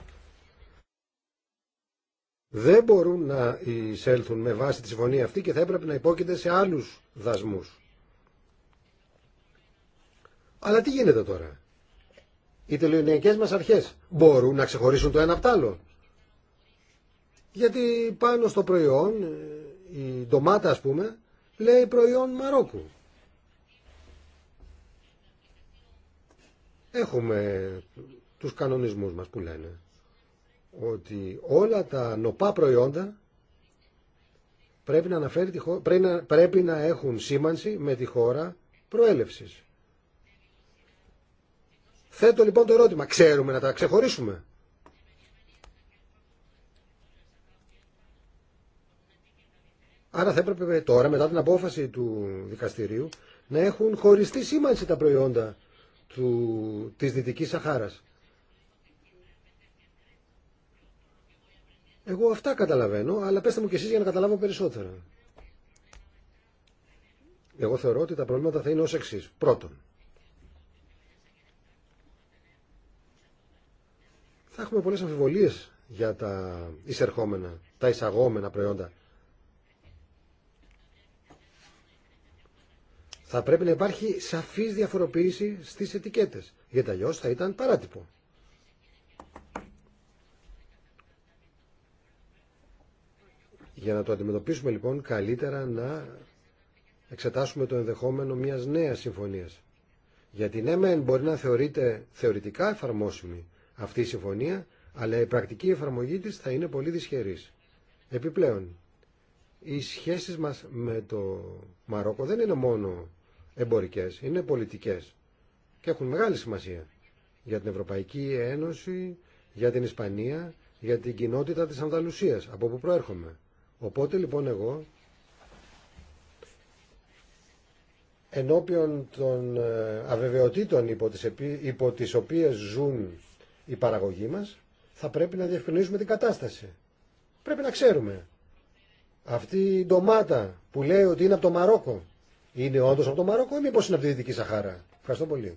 δεν μπορούν να εισέλθουν με βάση τη συμφωνία αυτή και θα έπρεπε να υπόκειται σε άλλους δασμούς. Αλλά τι γίνεται τώρα. Οι τελευταίες μας αρχές μπορούν να ξεχωρίσουν το ένα από το άλλο. Γιατί πάνω στο προϊόν, η ντομάτα ας πούμε, λέει προϊόν Μαρόκου. Έχουμε τους κανονισμούς μας που λένε ότι όλα τα νοπά προϊόντα πρέπει να, πρέπει, να, έχουν σήμανση με τη χώρα προέλευσης. Θέτω λοιπόν το ερώτημα, ξέρουμε να τα ξεχωρίσουμε. Άρα θα έπρεπε τώρα, μετά την απόφαση του δικαστηρίου, να έχουν χωριστή σήμανση τα προϊόντα του, της Δυτικής Σαχάρας. Εγώ αυτά καταλαβαίνω, αλλά πέστε μου κι εσείς για να καταλάβω περισσότερα. Εγώ θεωρώ ότι τα προβλήματα θα είναι ως εξή. Πρώτον, θα έχουμε πολλές αμφιβολίες για τα εισερχόμενα, τα εισαγόμενα προϊόντα. Θα πρέπει να υπάρχει σαφής διαφοροποίηση στις ετικέτες, γιατί αλλιώς θα ήταν παράτυπο. Για να το αντιμετωπίσουμε λοιπόν καλύτερα να εξετάσουμε το ενδεχόμενο μιας νέας συμφωνίας. Γιατί ναι μεν μπορεί να θεωρείται θεωρητικά εφαρμόσιμη αυτή η συμφωνία, αλλά η πρακτική εφαρμογή της θα είναι πολύ δυσχερής. Επιπλέον, οι σχέσεις μας με το Μαρόκο δεν είναι μόνο εμπορικές, είναι πολιτικές και έχουν μεγάλη σημασία για την Ευρωπαϊκή Ένωση, για την Ισπανία, για την κοινότητα της Ανταλουσίας, από που προέρχομαι. Οπότε λοιπόν εγώ ενώπιον των ε, αβεβαιοτήτων υπό τις, υπό τις οποίες ζουν οι παραγωγοί μας θα πρέπει να διευκρινίσουμε την κατάσταση. Πρέπει να ξέρουμε. Αυτή η ντομάτα που λέει ότι είναι από το Μαρόκο είναι όντως από το Μαρόκο ή μήπως είναι από τη Δυτική Σαχάρα. Ευχαριστώ πολύ.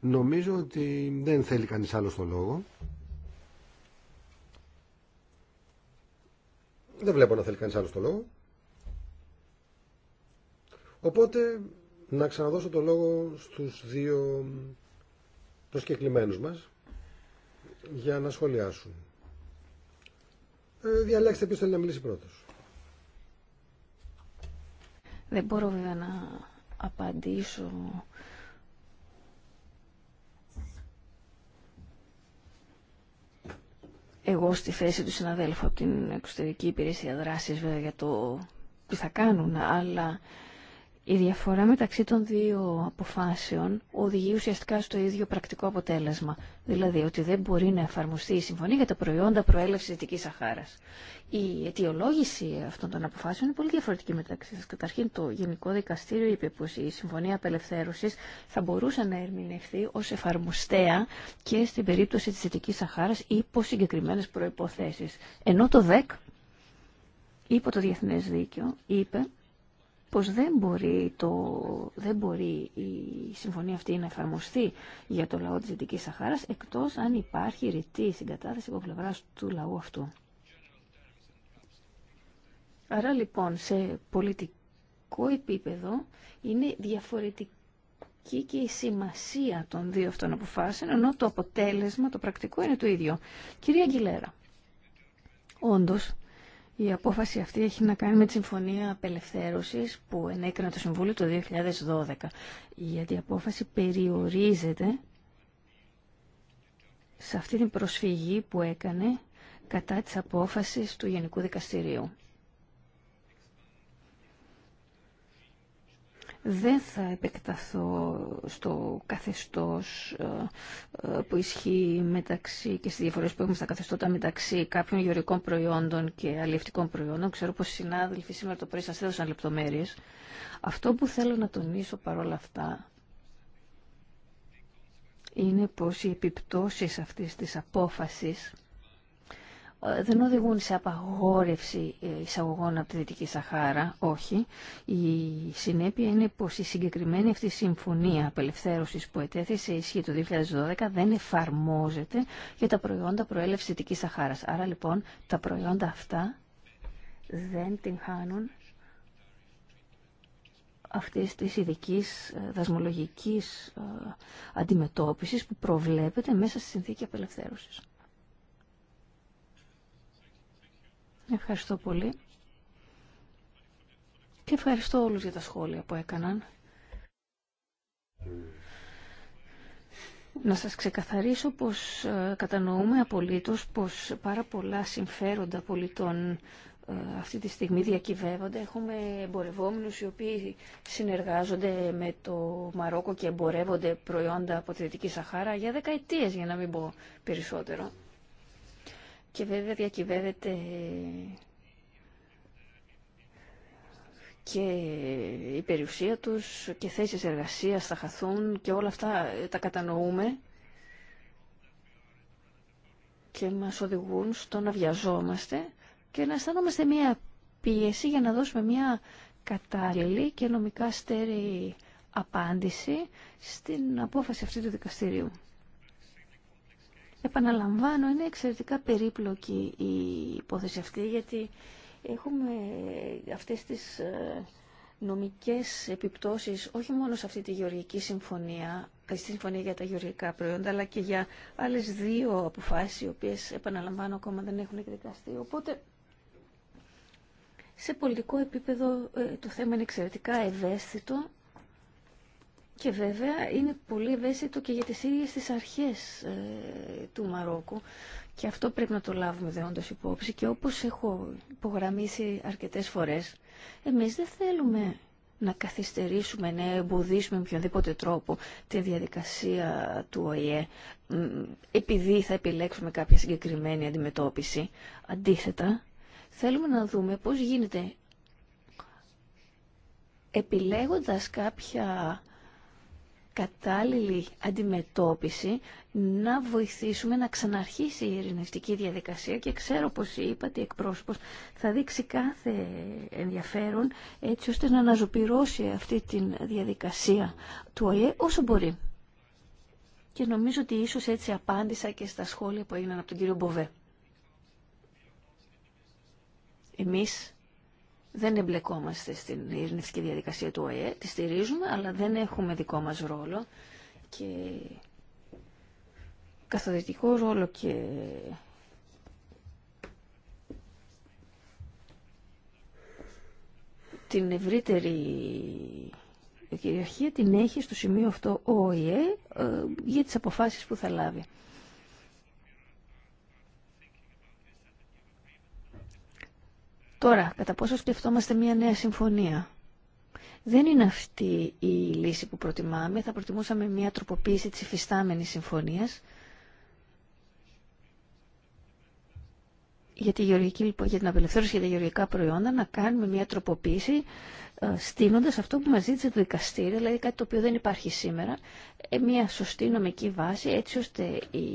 Νομίζω ότι δεν θέλει κανείς άλλο το λόγο. Δεν βλέπω να θέλει κανείς άλλο το λόγο. Οπότε να ξαναδώσω το λόγο στους δύο προσκεκλημένους μας για να σχολιάσουν. Ε, διαλέξτε ποιος θέλει να μιλήσει πρώτος. Δεν μπορώ βέβαια να απαντήσω εγώ στη θέση του συναδέλφου από την εξωτερική υπηρεσία δράσης βέβαια για το τι θα κάνουν, αλλά η διαφορά μεταξύ των δύο αποφάσεων οδηγεί ουσιαστικά στο ίδιο πρακτικό αποτέλεσμα. Δηλαδή ότι δεν μπορεί να εφαρμοστεί η συμφωνία για τα προϊόντα προέλευση Δυτική Σαχάρα. Η αιτιολόγηση αυτών των αποφάσεων είναι πολύ διαφορετική μεταξύ σα. Καταρχήν, το Γενικό Δικαστήριο είπε πω η Συμφωνία Απελευθέρωση θα μπορούσε να ερμηνευθεί ω εφαρμοστέα και στην περίπτωση τη Δυτική Σαχάρα υπό συγκεκριμένε προποθέσει. Ενώ το ΔΕΚ, υπό το Διεθνέ Δίκαιο, είπε πως δεν μπορεί, το, δεν μπορεί η συμφωνία αυτή να εφαρμοστεί για το λαό της Δυτικής Σαχάρας εκτός αν υπάρχει ρητή συγκατάθεση από πλευράς του λαού αυτού. Άρα λοιπόν σε πολιτικό επίπεδο είναι διαφορετική και η σημασία των δύο αυτών αποφάσεων ενώ το αποτέλεσμα, το πρακτικό είναι το ίδιο. Κυρία Αγγιλέρα, όντως η απόφαση αυτή έχει να κάνει με τη Συμφωνία Απελευθέρωσης που ενέκρινε το Συμβούλιο το 2012. Γιατί η απόφαση περιορίζεται σε αυτή την προσφυγή που έκανε κατά της απόφασης του Γενικού Δικαστηρίου. Δεν θα επεκταθώ στο καθεστώς ε, ε, που ισχύει μεταξύ και στις διαφορές που έχουμε στα καθεστώτα μεταξύ κάποιων γεωρικών προϊόντων και αλληλευτικών προϊόντων. Ξέρω πως οι συνάδελφοι σήμερα το πρωί σας έδωσαν λεπτομέρειες. Αυτό που θέλω να τονίσω παρόλα αυτά είναι πως οι επιπτώσεις αυτής της απόφασης ε, δεν οδηγούν σε απαγόρευση ε, εισαγωγών από τη Δυτική Σαχάρα, όχι. Η συνέπεια είναι πως η συγκεκριμένη αυτή συμφωνία απελευθέρωσης που ετέθησε ισχύ το 2012 δεν εφαρμόζεται για τα προϊόντα προέλευσης Δυτικής Σαχάρας. Άρα λοιπόν τα προϊόντα αυτά δεν την χάνουν αυτής της ειδική ε, δασμολογικής αντιμετώπισης που προβλέπεται μέσα στη συνθήκη απελευθέρωσης. Ευχαριστώ πολύ. Και ευχαριστώ όλους για τα σχόλια που έκαναν. Να σας ξεκαθαρίσω πως ε, κατανοούμε απολύτως πως πάρα πολλά συμφέροντα πολιτών ε, αυτή τη στιγμή διακυβεύονται. Έχουμε εμπορευόμενους οι οποίοι συνεργάζονται με το Μαρόκο και εμπορεύονται προϊόντα από τη Δυτική Σαχάρα για δεκαετίες για να μην πω περισσότερο και βέβαια διακυβεύεται και η περιουσία τους και θέσεις εργασίας θα χαθούν και όλα αυτά ε, τα κατανοούμε και μας οδηγούν στο να βιαζόμαστε και να αισθανόμαστε μία πίεση για να δώσουμε μία κατάλληλη και νομικά στερη απάντηση στην απόφαση αυτή του δικαστηρίου. Επαναλαμβάνω, είναι εξαιρετικά περίπλοκη η υπόθεση αυτή γιατί έχουμε αυτές τις ε, νομικές επιπτώσεις όχι μόνο σε αυτή τη γεωργική συμφωνία, ε, στη συμφωνία για τα γεωργικά προϊόντα, αλλά και για άλλες δύο αποφάσεις, οι οποίες επαναλαμβάνω ακόμα δεν έχουν εκδικαστεί. Οπότε, σε πολιτικό επίπεδο ε, το θέμα είναι εξαιρετικά ευαίσθητο και βέβαια είναι πολύ ευαίσθητο και για τις ίδιες τις αρχές ε, του Μαρόκου και αυτό πρέπει να το λάβουμε δεόντως υπόψη και όπως έχω υπογραμμίσει αρκετές φορές, εμείς δεν θέλουμε να καθυστερήσουμε, να εμποδίσουμε με οποιονδήποτε τρόπο τη διαδικασία του ΟΗΕ επειδή θα επιλέξουμε κάποια συγκεκριμένη αντιμετώπιση. Αντίθετα, θέλουμε να δούμε πώς γίνεται επιλέγοντας κάποια κατάλληλη αντιμετώπιση να βοηθήσουμε να ξαναρχίσει η ειρηνευτική διαδικασία και ξέρω πως είπα η εκπρόσωπος θα δείξει κάθε ενδιαφέρον έτσι ώστε να αναζωπυρώσει αυτή τη διαδικασία του ΟΗΕ όσο μπορεί. Και νομίζω ότι ίσως έτσι απάντησα και στα σχόλια που έγιναν από τον κύριο Μποβέ. Εμείς δεν εμπλεκόμαστε στην ειρηνευτική διαδικασία του ΟΕΕ, τη στηρίζουμε, αλλά δεν έχουμε δικό μας ρόλο και καθοδητικό ρόλο και την ευρύτερη κυριαρχία την έχει στο σημείο αυτό ο ΟΗΕ ε, για τις αποφάσεις που θα λάβει. Τώρα, κατά πόσο σκεφτόμαστε μια νέα συμφωνία. Δεν είναι αυτή η λύση που προτιμάμε. Θα προτιμούσαμε μια τροποποίηση της υφιστάμενης συμφωνίας. Για, γεωργική, λοιπόν, για την απελευθέρωση για τα γεωργικά προϊόντα να κάνουμε μια τροποποίηση ε, στείνοντας αυτό που μας ζήτησε το δικαστήριο, δηλαδή κάτι το οποίο δεν υπάρχει σήμερα, ε, μια σωστή νομική βάση έτσι ώστε οι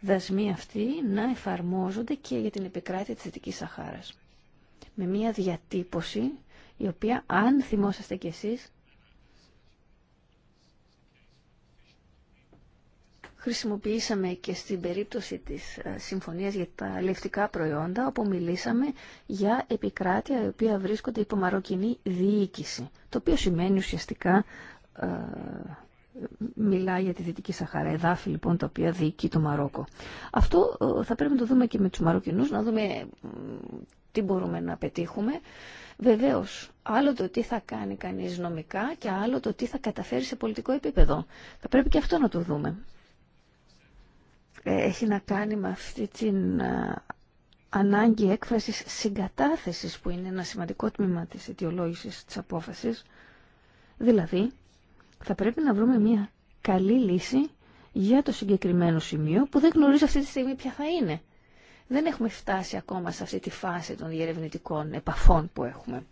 δασμοί αυτοί να εφαρμόζονται και για την επικράτεια της Δυτικής Σαχάρας με μία διατύπωση η οποία αν θυμόσαστε κι εσείς χρησιμοποιήσαμε και στην περίπτωση της ε, συμφωνίας για τα λευτικά προϊόντα όπου μιλήσαμε για επικράτεια η οποία βρίσκονται υπό μαροκινή διοίκηση το οποίο σημαίνει ουσιαστικά ε, μιλάει για τη Δυτική Σαχάρα, εδάφη λοιπόν τα οποία διοικεί το Μαρόκο. Αυτό ε, θα πρέπει να το δούμε και με τους Μαροκινούς, να δούμε τι μπορούμε να πετύχουμε. Βεβαίως, άλλο το τι θα κάνει κανείς νομικά και άλλο το τι θα καταφέρει σε πολιτικό επίπεδο. Θα πρέπει και αυτό να το δούμε. Ε, έχει να κάνει με αυτή την ε, ανάγκη έκφρασης συγκατάθεσης που είναι ένα σημαντικό τμήμα της αιτιολόγησης της απόφασης. Δηλαδή, θα πρέπει να βρούμε μια καλή λύση για το συγκεκριμένο σημείο που δεν γνωρίζει αυτή τη στιγμή ποια θα είναι δεν έχουμε φτάσει ακόμα σε αυτή τη φάση των διερευνητικών επαφών που έχουμε.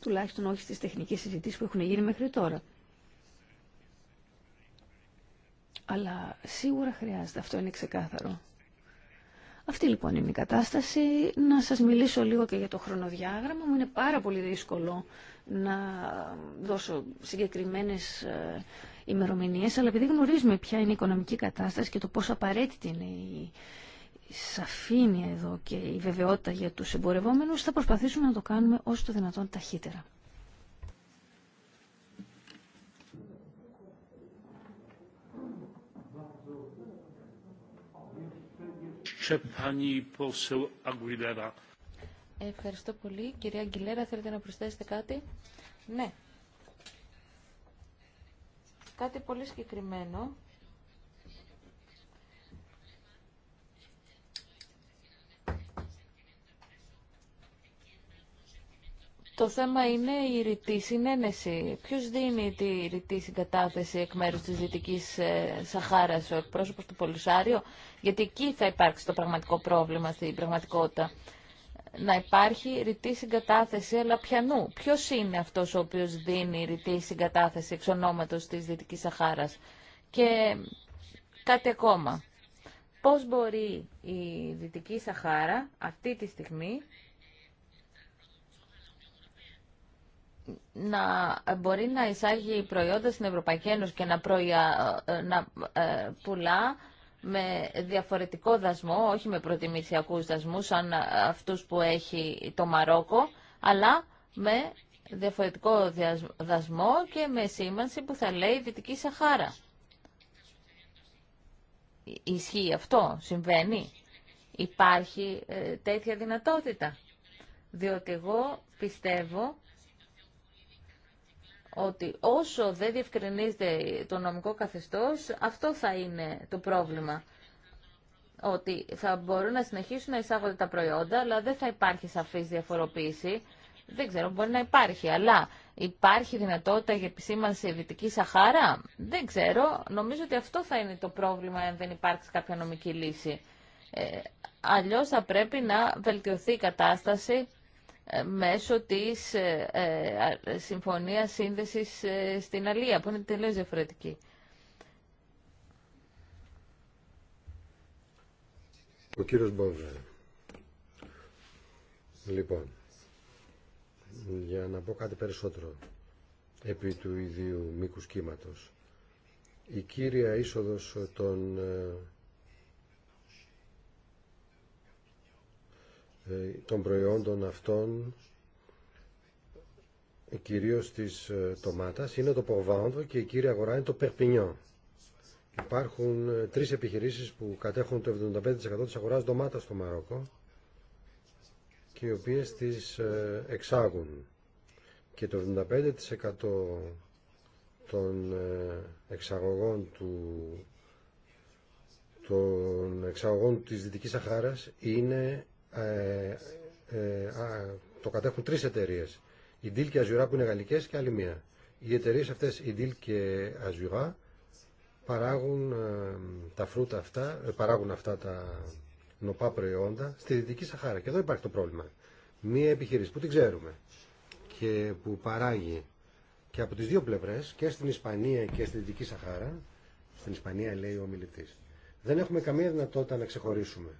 Τουλάχιστον όχι στις τεχνικές συζητήσεις που έχουν γίνει μέχρι τώρα. Αλλά σίγουρα χρειάζεται, αυτό είναι ξεκάθαρο. Αυτή λοιπόν είναι η κατάσταση. Να σας μιλήσω λίγο και για το χρονοδιάγραμμα. Μου είναι πάρα πολύ δύσκολο να δώσω συγκεκριμένες ε, ημερομηνίες, αλλά επειδή γνωρίζουμε ποια είναι η οικονομική κατάσταση και το πόσο απαραίτητη είναι η σαφήνεια εδώ και η βεβαιότητα για τους εμπορευόμενους, θα προσπαθήσουμε να το κάνουμε όσο το δυνατόν ταχύτερα. Ευχαριστώ πολύ. Κυρία Αγγιλέρα, θέλετε να προσθέσετε κάτι. Ναι. Κάτι πολύ συγκεκριμένο Το θέμα είναι η ρητή συνένεση. Ποιο δίνει τη ρητή συγκατάθεση εκ μέρου τη Δυτική ε, Σαχάρα, ο εκπρόσωπο του Πολυσάριο, γιατί εκεί θα υπάρξει το πραγματικό πρόβλημα στην πραγματικότητα. Να υπάρχει ρητή συγκατάθεση, αλλά πιανού. Ποιο είναι αυτό ο οποίο δίνει ρητή συγκατάθεση εξ ονόματο τη Δυτική Σαχάρα. Και κάτι ακόμα. Πώς μπορεί η Δυτική Σαχάρα αυτή τη στιγμή να μπορεί να εισάγει προϊόντα στην Ευρωπαϊκή Ένωση και να, προϊα... Ε, να ε, πουλά με διαφορετικό δασμό, όχι με προτιμησιακούς δασμούς σαν αυτούς που έχει το Μαρόκο, αλλά με διαφορετικό δασμό και με σήμανση που θα λέει Δυτική Σαχάρα. Ισχύει αυτό, συμβαίνει, υπάρχει ε, τέτοια δυνατότητα. Διότι εγώ πιστεύω ότι όσο δεν διευκρινίζεται το νομικό καθεστώς, αυτό θα είναι το πρόβλημα. Ότι θα μπορούν να συνεχίσουν να εισάγονται τα προϊόντα, αλλά δεν θα υπάρχει σαφής διαφοροποίηση. Δεν ξέρω, μπορεί να υπάρχει, αλλά υπάρχει δυνατότητα για επισήμανση Δυτική Σαχάρα. Δεν ξέρω. Νομίζω ότι αυτό θα είναι το πρόβλημα, αν δεν υπάρξει κάποια νομική λύση. Ε, αλλιώς θα πρέπει να βελτιωθεί η κατάσταση ε, μέσω της ε, ε, συμφωνίας σύνδεσης στην Αλία, που είναι τελείως διαφορετική. Ο κύριος Μπόβε. Λοιπόν, για να πω κάτι περισσότερο επί του ιδίου μήκου κύματος. Η κύρια είσοδος των Ε, των προϊόντων αυτών ε, κυρίως της ε, τομάτας είναι το Πορβάνδο και η κύρια αγορά είναι το Περπινιό. Υπάρχουν τρεις επιχειρήσεις που κατέχουν το 75% της αγοράς ντομάτας στο Μαρόκο και οι οποίες τις εξάγουν. Και το 75% των εξαγωγών του των εξαγωγών της Δυτικής Σαχάρας είναι ε, ε, το κατέχουν τρεις εταιρείε. Η Deal και Azura που είναι γαλλικές και άλλη μία. Οι εταιρείε αυτές, η Deal και Azura, παράγουν ε, τα φρούτα αυτά, παράγουν αυτά τα νοπά προϊόντα στη Δυτική Σαχάρα. Και εδώ υπάρχει το πρόβλημα. Μία επιχείρηση που την ξέρουμε και που παράγει και από τις δύο πλευρές, και στην Ισπανία και στη Δυτική Σαχάρα, στην Ισπανία λέει ο δεν έχουμε καμία δυνατότητα να ξεχωρίσουμε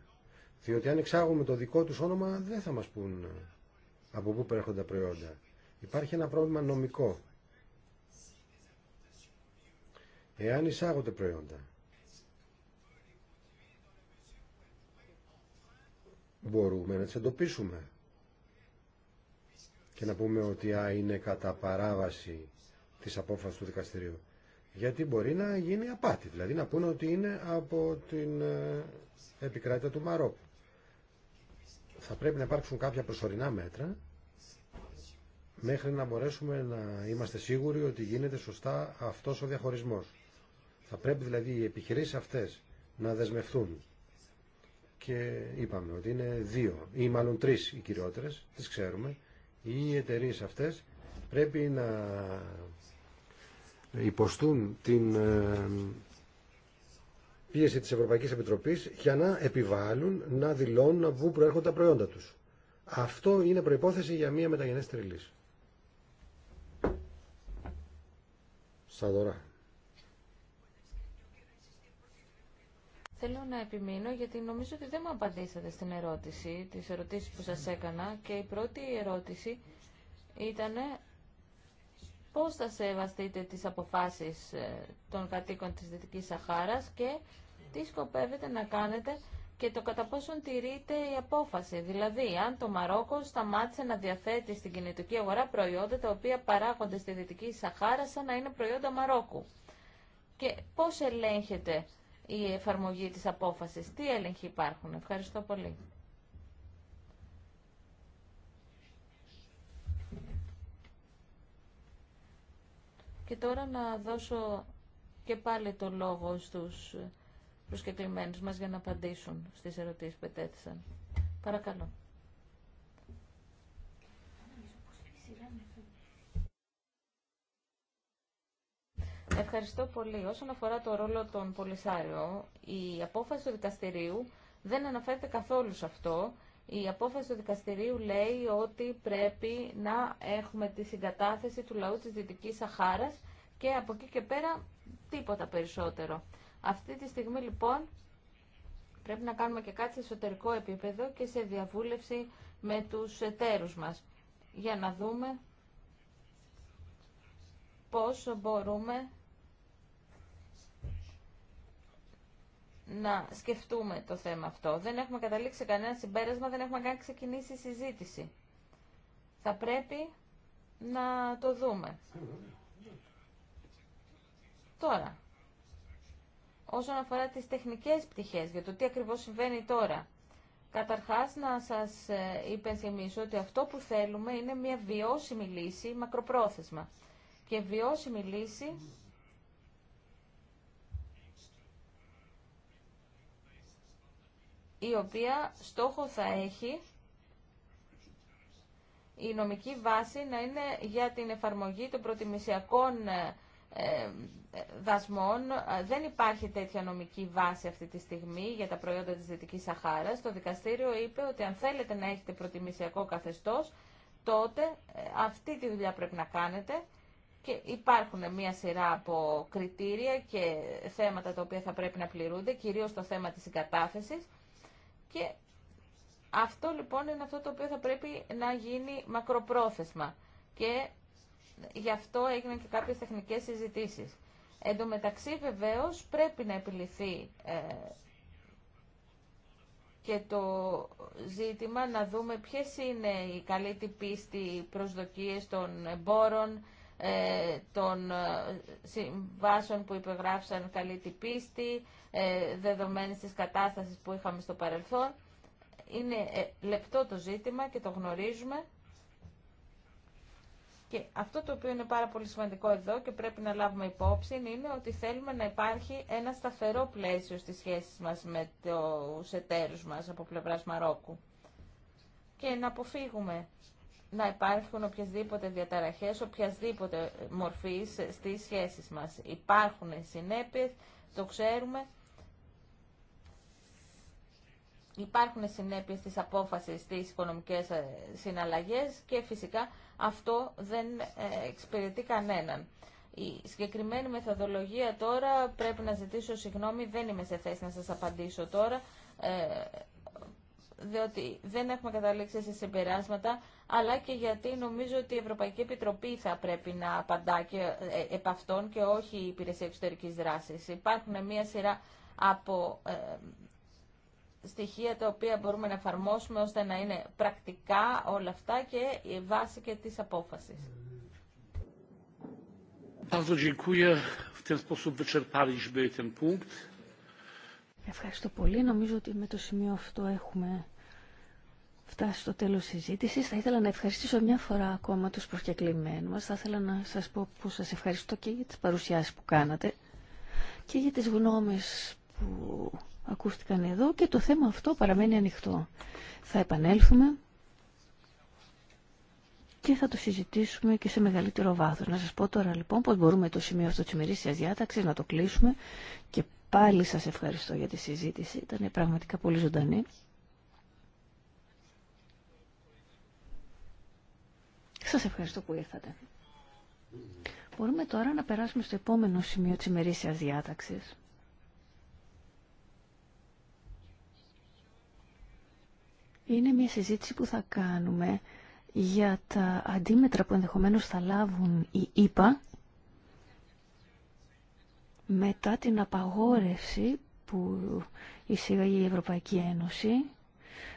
διότι αν εξάγουμε το δικό τους όνομα δεν θα μας πούν ε, από πού προέρχονται τα προϊόντα. Υπάρχει ένα πρόβλημα νομικό. Εάν εισάγονται προϊόντα, μπορούμε να τις εντοπίσουμε και να πούμε ότι είναι κατά παράβαση της απόφασης του δικαστηρίου. Γιατί μπορεί να γίνει απάτη, δηλαδή να πούνε ότι είναι από την ε, επικράτεια του Μαρόκου θα πρέπει να υπάρξουν κάποια προσωρινά μέτρα μέχρι να μπορέσουμε να είμαστε σίγουροι ότι γίνεται σωστά αυτός ο διαχωρισμός. Θα πρέπει δηλαδή οι επιχειρήσεις αυτές να δεσμευτούν και είπαμε ότι είναι δύο ή μάλλον τρεις οι κυριότερες, τις ξέρουμε, οι εταιρείε αυτές πρέπει να υποστούν την ε, πίεση της Ευρωπαϊκής Επιτροπής για να επιβάλλουν να δηλώνουν από πού προέρχονται τα προϊόντα τους. Αυτό είναι προϋπόθεση για μια μεταγενέστερη λύση. Σαδωρά. Θέλω να επιμείνω γιατί νομίζω ότι δεν μου απαντήσατε στην ερώτηση, τις ερωτήσεις που σας έκανα και η πρώτη ερώτηση ήταν πώς θα σεβαστείτε τις αποφάσεις ε, των κατοίκων της Δυτικής Σαχάρας και τι σκοπεύετε να κάνετε και το κατά πόσον τηρείται η απόφαση. Δηλαδή, αν το Μαρόκο σταμάτησε να διαθέτει στην κινητική αγορά προϊόντα τα οποία παράγονται στη Δυτική Σαχάρα σαν να είναι προϊόντα Μαρόκου. Και πώς ελέγχεται η εφαρμογή της απόφασης, τι έλεγχοι υπάρχουν. Ευχαριστώ πολύ. Και τώρα να δώσω και πάλι το λόγο στους προσκεκλημένους μας για να απαντήσουν στις ερωτήσεις που ετέθησαν. Παρακαλώ. Ευχαριστώ πολύ. Όσον αφορά το ρόλο των πολυσάριων, η απόφαση του δικαστηρίου δεν αναφέρεται καθόλου σε αυτό η απόφαση του δικαστηρίου λέει ότι πρέπει να έχουμε τη συγκατάθεση του λαού της Δυτικής Σαχάρας και από εκεί και πέρα τίποτα περισσότερο. Αυτή τη στιγμή λοιπόν πρέπει να κάνουμε και κάτι σε εσωτερικό επίπεδο και σε διαβούλευση με τους εταίρους μας για να δούμε πώς μπορούμε να σκεφτούμε το θέμα αυτό. Δεν έχουμε καταλήξει κανένα συμπέρασμα, δεν έχουμε καν ξεκινήσει συζήτηση. Θα πρέπει να το δούμε. Τώρα, όσον αφορά τις τεχνικές πτυχές, για το τι ακριβώς συμβαίνει τώρα, καταρχάς να σας ε, υπενθυμίσω ότι αυτό που θέλουμε είναι μια βιώσιμη λύση μακροπρόθεσμα. Και βιώσιμη λύση η οποία στόχο θα έχει η νομική βάση να είναι για την εφαρμογή των προτιμησιακών ε, ε, δασμών. Ε, δεν υπάρχει τέτοια νομική βάση αυτή τη στιγμή για τα προϊόντα της Δυτικής Σαχάρας. Το δικαστήριο είπε ότι αν θέλετε να έχετε προτιμησιακό καθεστώς, τότε αυτή τη δουλειά πρέπει να κάνετε και υπάρχουν μία σειρά από κριτήρια και θέματα τα οποία θα πρέπει να πληρούνται, κυρίως το θέμα της εγκατάθεσης. Και αυτό λοιπόν είναι αυτό το οποίο θα πρέπει να γίνει μακροπρόθεσμα. Και γι' αυτό έγιναν και κάποιες τεχνικές συζητήσεις. Εν τω μεταξύ βεβαίως πρέπει να επιληθεί ε, και το ζήτημα να δούμε ποιες είναι οι καλύτεροι πίστη προσδοκίες των εμπόρων, ε, των ε, συμβάσεων που υπεγράφησαν καλή την πίστη, ε, δεδομένη της κατάστασης που είχαμε στο παρελθόν. Είναι λεπτό το ζήτημα και το γνωρίζουμε. Και αυτό το οποίο είναι πάρα πολύ σημαντικό εδώ και πρέπει να λάβουμε υπόψη είναι ότι θέλουμε να υπάρχει ένα σταθερό πλαίσιο στις σχέσεις μας με τους εταίρους μας από πλευράς Μαρόκου. Και να αποφύγουμε να υπάρχουν οποιασδήποτε διαταραχές, οποιασδήποτε μορφής στις σχέσεις μας. Υπάρχουν συνέπειες, το ξέρουμε. Υπάρχουν συνέπειες της απόφασης στις οικονομικές ε, συναλλαγές και φυσικά αυτό δεν ε, εξυπηρετεί κανέναν. Η συγκεκριμένη μεθοδολογία τώρα πρέπει να ζητήσω συγγνώμη, δεν είμαι σε θέση να σας απαντήσω τώρα. Ε, διότι δεν έχουμε καταλήξει σε συμπεράσματα, αλλά και γιατί νομίζω ότι η Ευρωπαϊκή Επιτροπή θα πρέπει να απαντά και ε, επ' αυτών και όχι η Υπηρεσία εξωτερική Δράσης. Υπάρχουν μία σειρά από ε, στοιχεία τα οποία μπορούμε να εφαρμόσουμε ώστε να είναι πρακτικά όλα αυτά και η βάση και της απόφασης. dziękuję. W Ευχαριστώ πολύ. Νομίζω ότι με το σημείο αυτό έχουμε φτάσει στο τέλος συζήτησης. Θα ήθελα να ευχαριστήσω μια φορά ακόμα τους προσκεκλημένους μας. Θα ήθελα να σας πω που σας ευχαριστώ και για τις παρουσιάσεις που κάνατε και για τις γνώμες που ακούστηκαν εδώ και το θέμα αυτό παραμένει ανοιχτό. Θα επανέλθουμε και θα το συζητήσουμε και σε μεγαλύτερο βάθος. Να σας πω τώρα λοιπόν πώς μπορούμε το σημείο αυτό της ημερήσιας διάταξης να το κλείσουμε και Πάλι σας ευχαριστώ για τη συζήτηση. Ήταν πραγματικά πολύ ζωντανή. Σας ευχαριστώ που ήρθατε. Μπορούμε τώρα να περάσουμε στο επόμενο σημείο της ημερήσιας διάταξης. Είναι μια συζήτηση που θα κάνουμε για τα αντίμετρα που ενδεχομένως θα λάβουν οι ΙΠΑ μετά την απαγόρευση που εισήγαγε η Ευρωπαϊκή Ένωση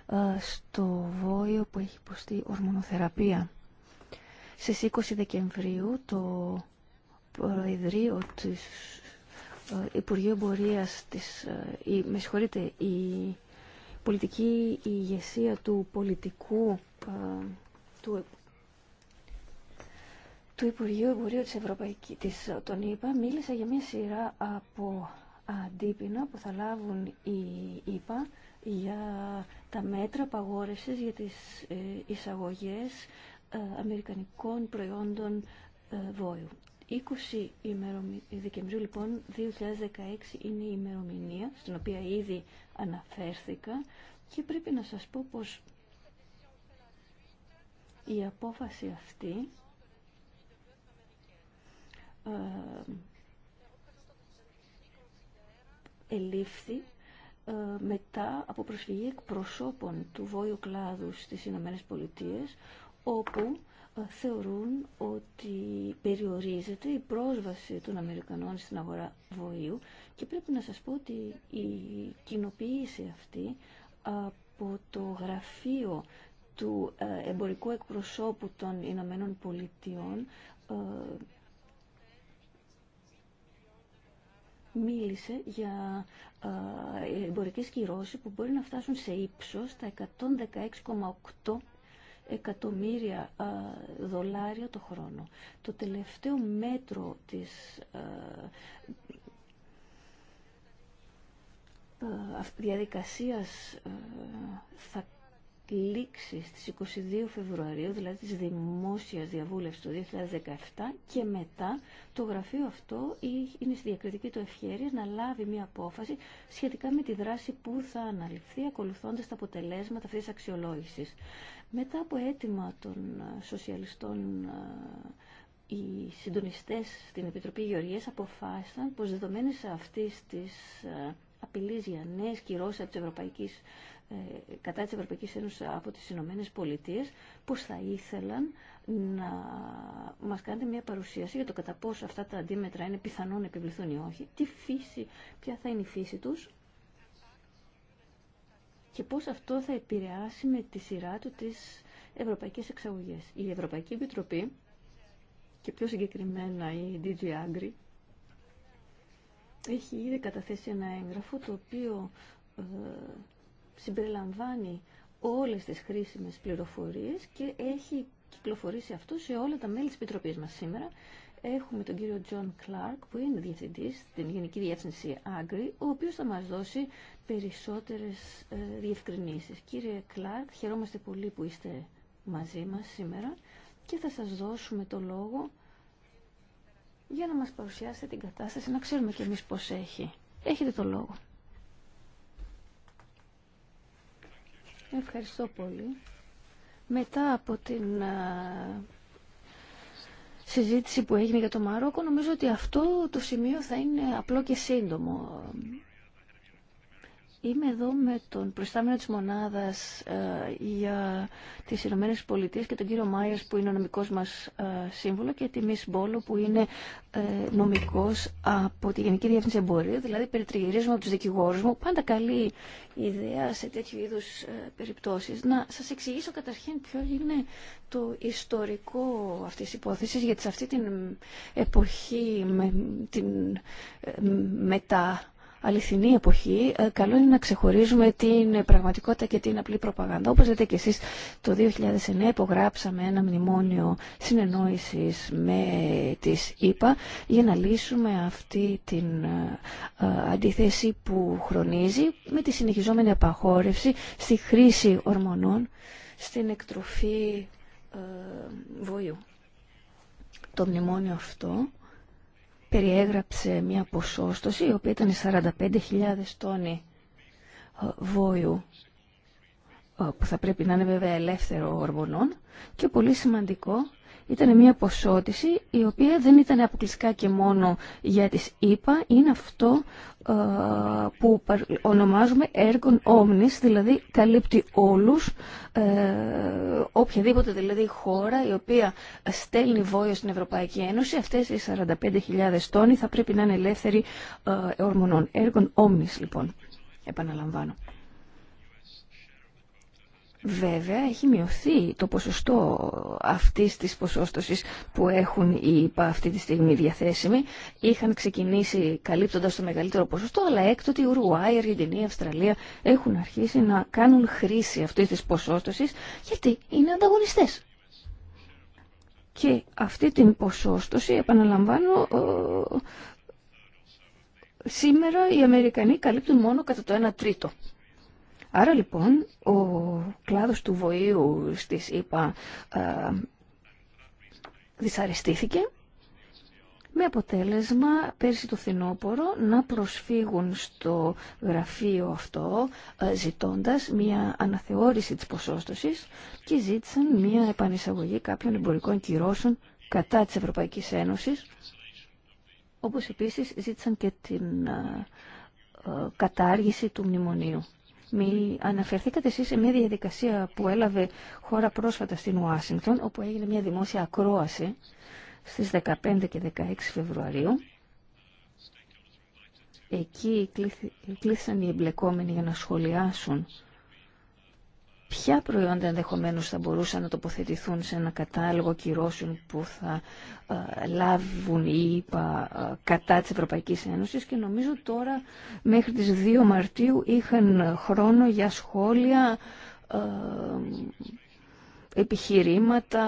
ε, στο βόλιο που έχει υποστεί ορμονοθεραπεία. Στις 20 Δεκεμβρίου το Προεδρείο της ε, Υπουργείου Εμπορίας της, ε, η, με συγχωρείτε, η πολιτική ηγεσία του πολιτικού του του Υπουργείου Εμπορίου της Ευρωπαϊκής της, τον ΗΠΑ μίλησα για μια σειρά από αντίπεινα που θα λάβουν οι ίπα για τα μέτρα παγόρευσης για τις ε, εισαγωγές ε, αμερικανικών προϊόντων ε, βόλου. 20 Δεκεμβρίου λοιπόν 2016 είναι η ημερομηνία στην οποία ήδη αναφέρθηκα και πρέπει να σας πω πως η απόφαση αυτή ε, ελήφθη ε, μετά από προσφυγή εκπροσώπων του Βόλου Κλάδου στις Ηνωμένε Πολιτείες, όπου ε, θεωρούν ότι περιορίζεται η πρόσβαση των Αμερικανών στην αγορά βοήου και πρέπει να σας πω ότι η κοινοποίηση αυτή από το γραφείο του εμπορικού εκπροσώπου των Ηνωμένων Πολιτειών μίλησε για ε, εμπορικές κυρώσεις που μπορεί να φτάσουν σε ύψος τα 116,8 εκατομμύρια ε, δολάρια το χρόνο. Το τελευταίο μέτρο της ε, διαδικασίας θα λήξης της 22 Φεβρουαρίου, δηλαδή της δημόσιας διαβούλευσης του 2017 και μετά το γραφείο αυτό είναι στη διακριτική του ευχαίρεια να λάβει μια απόφαση σχετικά με τη δράση που θα αναλυφθεί ακολουθώντας τα αποτελέσματα αυτής της αξιολόγησης. Μετά από αίτημα των ε, σοσιαλιστών ε, οι συντονιστές στην Επιτροπή Γεωργίας αποφάσισαν πως δεδομένες αυτής της ε, απειλής για νέες κυρώσεις από τις Ευρωπαϊκές ε, κατά της Ευρωπαϊκής Ένωσης από τις Ηνωμένες Πολιτείες πως θα ήθελαν να μας κάνετε μια παρουσίαση για το κατά πόσο αυτά τα αντίμετρα είναι πιθανόν να επιβληθούν ή όχι, τι φύση, ποια θα είναι η φύση τους και πώς αυτό θα επηρεάσει με τη σειρά του τις ευρωπαϊκές εξαγωγές. Η Ευρωπαϊκή Επιτροπή και πιο συγκεκριμένα η DG Agri έχει ήδη καταθέσει ένα έγγραφο το οποίο ε, συμπεριλαμβάνει όλες τις χρήσιμες πληροφορίες και έχει κυκλοφορήσει αυτό σε όλα τα μέλη της Επιτροπής μας σήμερα. Έχουμε τον κύριο Τζον Κλάρκ που είναι διευθυντής στην Γενική Διεύθυνση Agri, ο οποίος θα μας δώσει περισσότερες ε, διευκρινήσεις. Κύριε Κλάρκ, χαιρόμαστε πολύ που είστε μαζί μας σήμερα και θα σας δώσουμε το λόγο για να μας παρουσιάσετε την κατάσταση, να ξέρουμε κι εμείς πώς έχει. Έχετε το λόγο. Ευχαριστώ πολύ. Μετά από την συζήτηση που έγινε για το Μαρόκο, νομίζω ότι αυτό το σημείο θα είναι απλό και σύντομο. Είμαι εδώ με τον προστάμενο της μονάδας ε, για τις Ηνωμένες Πολιτείες και τον κύριο Μάιας που είναι ο νομικός μας ε, σύμβολο και τη Μις Μπόλο που είναι ε, νομικός από τη Γενική Διεύθυνση Εμπορίου. Δηλαδή περιτριγυρίζουμε από τους δικηγόρους μου. Πάντα καλή ιδέα σε τέτοιου είδους ε, περιπτώσεις. Να σας εξηγήσω καταρχήν ποιο είναι το ιστορικό αυτής της υπόθεσης γιατί σε αυτή την εποχή με, την, ε, μετά αληθινή εποχή, ε, καλό είναι να ξεχωρίζουμε την πραγματικότητα και την απλή προπαγάνδα. Όπως δείτε και εσείς, το 2009 υπογράψαμε ένα μνημόνιο συνεννόησης με τις ΗΠΑ για να λύσουμε αυτή την ε, ε, αντίθεση που χρονίζει με τη συνεχιζόμενη απαγόρευση στη χρήση ορμονών στην εκτροφή βοηού. Το μνημόνιο αυτό περιέγραψε μια ποσόστοση η οποία ήταν 45.000 τόνοι βόλου, ε, που θα πρέπει να είναι βέβαια ελεύθερο ορμονών και πολύ σημαντικό ήταν μια ποσότηση η οποία δεν ήταν αποκλειστικά και μόνο για τις ΙΠΑ, είναι αυτό ε, που ονομάζουμε έργων όμνης, δηλαδή καλύπτει όλους, ε, οποιαδήποτε δηλαδή χώρα η οποία στέλνει βόλιο στην Ευρωπαϊκή Ένωση, αυτές οι 45.000 τόνοι θα πρέπει να είναι ελεύθεροι ε, ορμονών. Έργων όμνης λοιπόν, επαναλαμβάνω. Βέβαια, έχει μειωθεί το ποσοστό αυτή της ποσόστοση που έχουν οι ΙΠΑ αυτή τη στιγμή διαθέσιμοι. Είχαν ξεκινήσει καλύπτοντα το μεγαλύτερο ποσοστό, αλλά έκτοτε η Ουρουάη, η Αργεντινή, η Αυστραλία έχουν αρχίσει να κάνουν χρήση αυτή της ποσόστοση, γιατί είναι ανταγωνιστές. Και αυτή την ποσόστοση, επαναλαμβάνω, σήμερα οι Αμερικανοί καλύπτουν μόνο κατά το 1 τρίτο Άρα λοιπόν ο κλάδος του βοήου στις ΕΠΑ ε, δυσαρεστήθηκε με αποτέλεσμα πέρσι το φθινόπωρο να προσφύγουν στο γραφείο αυτό ε, ζητώντας μια αναθεώρηση της ποσόστοσης και ζήτησαν μια επανεισαγωγή κάποιων εμπορικών κυρώσεων κατά της Ευρωπαϊκής Ένωσης όπως επίσης ζήτησαν και την ε, κατάργηση του μνημονίου. Μη αναφερθήκατε εσείς σε μια διαδικασία που έλαβε χώρα πρόσφατα στην Ουάσιγκτον, όπου έγινε μια δημόσια ακρόαση στις 15 και 16 Φεβρουαρίου. Εκεί κλήθησαν οι εμπλεκόμενοι για να σχολιάσουν ποια προϊόντα ενδεχομένω θα μπορούσαν να τοποθετηθούν σε ένα κατάλογο κυρώσεων που θα ε, λάβουν οι ΙΠΑ ε, κατά της Ευρωπαϊκής Ένωσης και νομίζω τώρα μέχρι τις 2 Μαρτίου είχαν χρόνο για σχόλια ε, επιχειρήματα,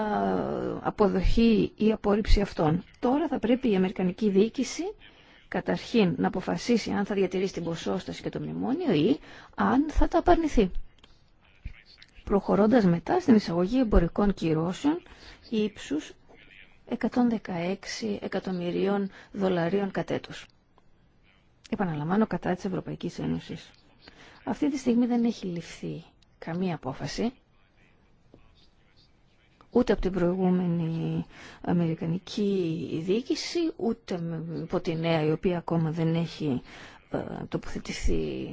αποδοχή ή απόρριψη αυτών. Τώρα θα πρέπει η Αμερικανική Διοίκηση καταρχήν να αποφασίσει αν θα διατηρήσει την ποσόσταση και το μνημόνιο ή αν θα τα απαρνηθεί προχωρώντας μετά στην εισαγωγή εμπορικών κυρώσεων ύψους 116 εκατομμυρίων δολαρίων κατ' Επαναλαμβάνω κατά της Ευρωπαϊκής Ένωσης. Αυτή τη στιγμή δεν έχει ληφθεί καμία απόφαση ούτε από την προηγούμενη Αμερικανική διοίκηση, ούτε από τη νέα η οποία ακόμα δεν έχει ε, τοποθετηθεί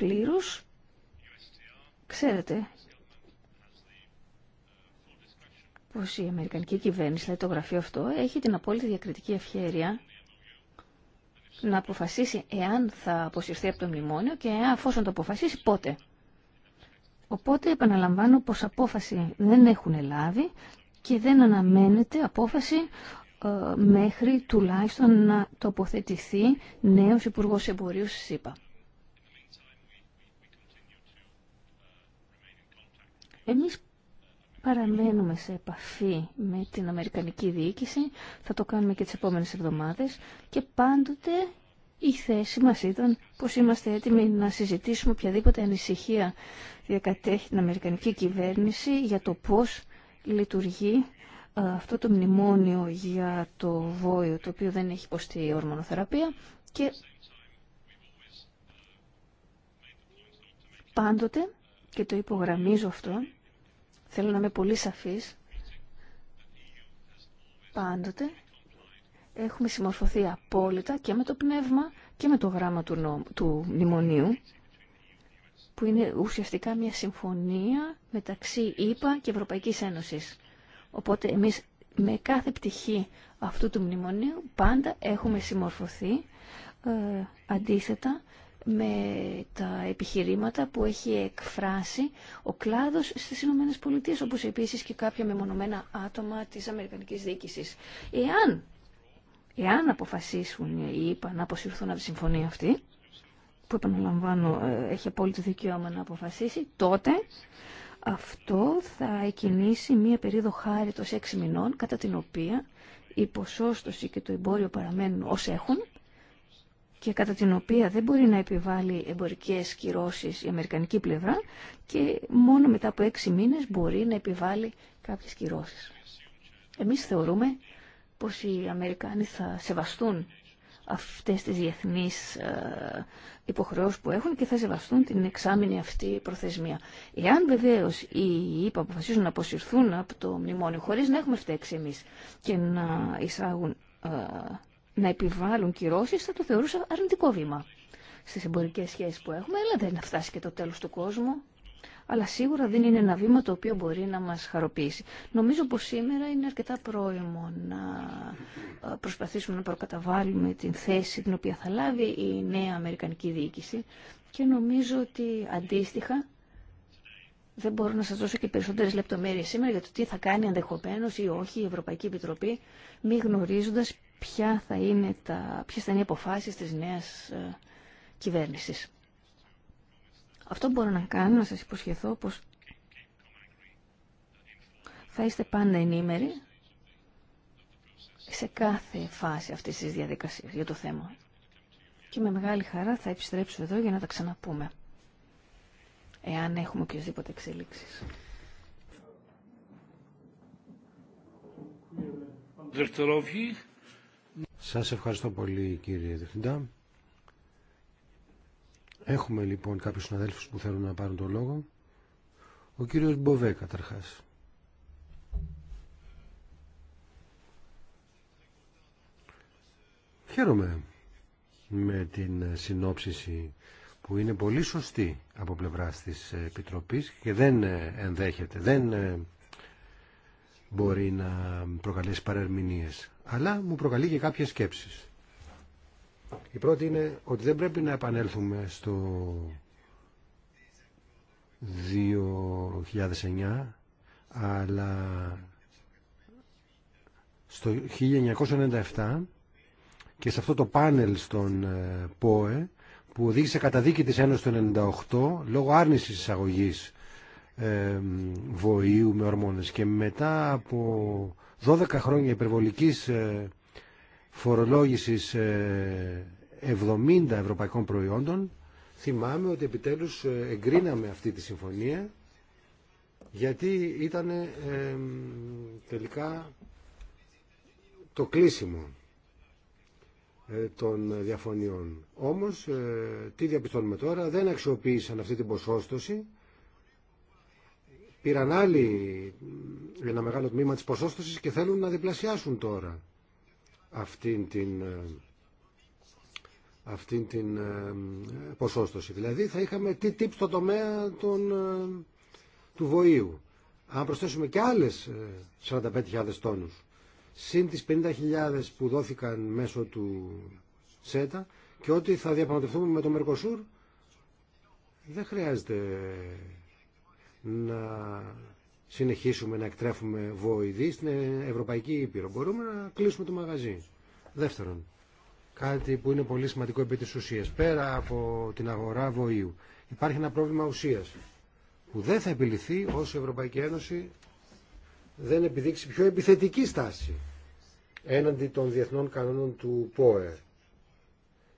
πλήρους. Ξέρετε πως η Αμερικανική κυβέρνηση, δηλαδή το γραφείο αυτό, έχει την απόλυτη διακριτική ευχαίρεια να αποφασίσει εάν θα αποσυρθεί από το μνημόνιο και εάν αφόσον το αποφασίσει πότε. Οπότε επαναλαμβάνω πως απόφαση δεν έχουν λάβει και δεν αναμένεται απόφαση ε, μέχρι τουλάχιστον να τοποθετηθεί νέος Υπουργός Εμπορίου ΣΥΠΑ. Εμείς παραμένουμε σε επαφή με την Αμερικανική διοίκηση, θα το κάνουμε και τις επόμενες εβδομάδες και πάντοτε η θέση μας ήταν πως είμαστε έτοιμοι να συζητήσουμε οποιαδήποτε ανησυχία διακατέχει την Αμερικανική κυβέρνηση για το πώς λειτουργεί ε, αυτό το μνημόνιο για το βόιο το οποίο δεν έχει υποστεί ορμονοθεραπεία και πάντοτε, και το υπογραμμίζω αυτό, Θέλω να είμαι πολύ σαφής. Πάντοτε έχουμε συμμορφωθεί απόλυτα και με το πνεύμα και με το γράμμα του, νο... του μνημονίου που είναι ουσιαστικά μια συμφωνία μεταξύ ΕΠΑ ΕΕ και Ευρωπαϊκής Ένωσης. Οπότε εμείς με κάθε πτυχή αυτού του μνημονίου πάντα έχουμε συμμορφωθεί ε, αντίθετα με τα επιχειρήματα που έχει εκφράσει ο κλάδος στις Ηνωμένες Πολιτείες, όπως επίσης και κάποια μεμονωμένα άτομα της Αμερικανικής Διοίκησης. Εάν, εάν αποφασίσουν η να αποσυρθούν από τη συμφωνία αυτή, που επαναλαμβάνω ε, έχει απόλυτο δικαίωμα να αποφασίσει, τότε αυτό θα εκινήσει μία περίοδο χάριτος εξι μηνών, κατά την οποία η ποσόστοση και το εμπόριο παραμένουν ως έχουν, και κατά την οποία δεν μπορεί να επιβάλλει εμπορικές κυρώσεις η αμερικανική πλευρά και μόνο μετά από έξι μήνες μπορεί να επιβάλλει κάποιες κυρώσεις. Εμείς θεωρούμε πως οι Αμερικάνοι θα σεβαστούν αυτές τις διεθνείς ε, υποχρεώσεις που έχουν και θα σεβαστούν την εξάμεινη αυτή προθεσμία. Εάν βεβαίω οι ΙΠΑ αποφασίζουν να αποσυρθούν από το μνημόνιο χωρίς να έχουμε φταίξει εμείς και να εισάγουν ε, να επιβάλλουν κυρώσει θα το θεωρούσα αρνητικό βήμα στι εμπορικέ σχέσει που έχουμε, αλλά δεν φτάσει και το τέλο του κόσμου. Αλλά σίγουρα δεν είναι ένα βήμα το οποίο μπορεί να μας χαροποιήσει. Νομίζω πως σήμερα είναι αρκετά πρόημο να ε, προσπαθήσουμε να προκαταβάλουμε την θέση την οποία θα λάβει η νέα Αμερικανική διοίκηση και νομίζω ότι αντίστοιχα δεν μπορώ να σας δώσω και περισσότερες λεπτομέρειες σήμερα για το τι θα κάνει ενδεχομένω ή όχι η Ευρωπαϊκή Επιτροπή μη γνωρίζοντας ποια θα είναι τα, ποιες θα είναι οι αποφάσεις της νέας ε, κυβέρνησης. Αυτό που μπορώ να κάνω, να σας υποσχεθώ πως θα είστε πάντα ενήμεροι σε κάθε φάση αυτής της διαδικασίας για το θέμα. Και με μεγάλη χαρά θα επιστρέψω εδώ για να τα ξαναπούμε. Εάν έχουμε οποιασδήποτε εξελίξεις. Δευτερόφυγη. Σας ευχαριστώ πολύ κύριε Διευθυντά. Έχουμε λοιπόν κάποιους συναδέλφους που θέλουν να πάρουν το λόγο. Ο κύριος Μποβέ καταρχάς. Χαίρομαι με την συνόψηση που είναι πολύ σωστή από πλευράς της Επιτροπής και δεν ενδέχεται, δεν ε, μπορεί να προκαλέσει παρερμηνίες. Αλλά μου προκαλεί και κάποιες σκέψεις. Η πρώτη είναι ότι δεν πρέπει να επανέλθουμε στο 2009 αλλά στο 1997 και σε αυτό το πάνελ στον ε, ΠΟΕ που οδήγησε καταδίκη της Ένωσης το 1998 λόγω άρνησης εισαγωγής βοήου με ορμόνες και μετά από 12 χρόνια υπερβολικής ε, φορολόγησης 70 ε, ευρωπαϊκών προϊόντων θυμάμαι ότι επιτέλους ε, εγκρίναμε αυτή τη συμφωνία γιατί ήταν τελικά το κλείσιμο των διαφωνιών. Όμως, τι διαπιστώνουμε τώρα, δεν αξιοποίησαν αυτή την ποσόστοση πήραν άλλοι ένα μεγάλο τμήμα της ποσόστοσης και θέλουν να διπλασιάσουν τώρα αυτήν την, ε, αυτήν την ε, ποσόστοση. Δηλαδή θα είχαμε τι τύπ στο τομέα των, ε, του βοήου. Αν προσθέσουμε και άλλες 45.000 τόνους, συν τις 50.000 που δόθηκαν μέσω του ΣΕΤΑ και ότι θα διαπραγματευτούμε με το Μερκοσούρ, δεν χρειάζεται να συνεχίσουμε να εκτρέφουμε βοηδή στην Ευρωπαϊκή Ήπειρο. Μπορούμε να κλείσουμε το μαγαζί. Δεύτερον, κάτι που είναι πολύ σημαντικό επί της ουσίας, πέρα από την αγορά βοήου, υπάρχει ένα πρόβλημα ουσίας που δεν θα επιληθεί όσο η Ευρωπαϊκή Ένωση δεν επιδείξει πιο επιθετική στάση έναντι των διεθνών κανόνων του ΠΟΕ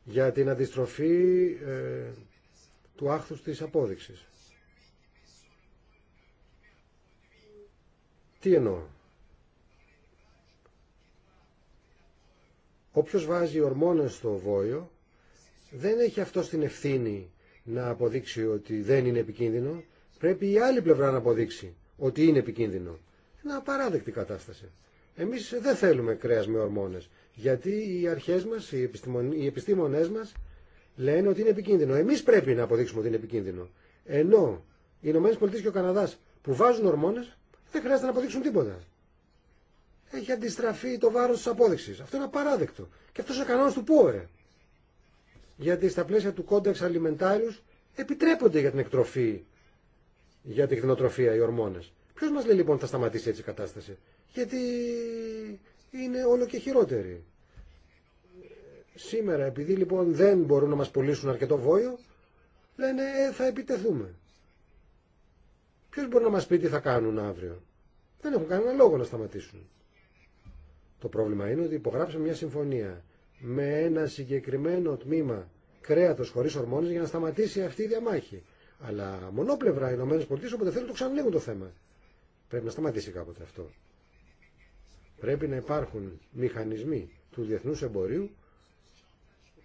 για την αντιστροφή ε, του άχθους της απόδειξης. Τι εννοώ. Όποιος βάζει ορμόνες στο βόλιο δεν έχει αυτό την ευθύνη να αποδείξει ότι δεν είναι επικίνδυνο. Πρέπει η άλλη πλευρά να αποδείξει ότι είναι επικίνδυνο. Είναι απαράδεκτη κατάσταση. Εμείς δεν θέλουμε κρέας με ορμόνες. Γιατί οι αρχές μας, οι, επιστημον, οι επιστήμονές μας λένε ότι είναι επικίνδυνο. Εμείς πρέπει να αποδείξουμε ότι είναι επικίνδυνο. Ενώ οι ΗΠΑ και ο Καναδάς που βάζουν ορμόνες δεν χρειάζεται να αποδείξουν τίποτα. Έχει αντιστραφεί το βάρος της απόδειξης. Αυτό είναι απαράδεκτο. Και αυτός ο κανόνας του ΠΟΕ. Γιατί στα πλαίσια του κόντεξ αλιμεντάριους επιτρέπονται για την εκτροφή, για την κτηνοτροφία οι ορμόνες. Ποιος μας λέει λοιπόν θα σταματήσει έτσι η κατάσταση. Γιατί είναι όλο και χειρότερη. Σήμερα επειδή λοιπόν δεν μπορούν να μας πουλήσουν αρκετό βόλιο, λένε «Ε, θα επιτεθούμε. Ποιο μπορεί να μα πει τι θα κάνουν αύριο. Δεν έχουν κανένα λόγο να σταματήσουν. Το πρόβλημα είναι ότι υπογράψαμε μια συμφωνία με ένα συγκεκριμένο τμήμα κρέατο χωρίς ορμόνες για να σταματήσει αυτή η διαμάχη. Αλλά μονόπλευρα οι ΗΠΑ όποτε θέλουν το ξανανοίγουν το θέμα. Πρέπει να σταματήσει κάποτε αυτό. Πρέπει να υπάρχουν μηχανισμοί του διεθνού εμπορίου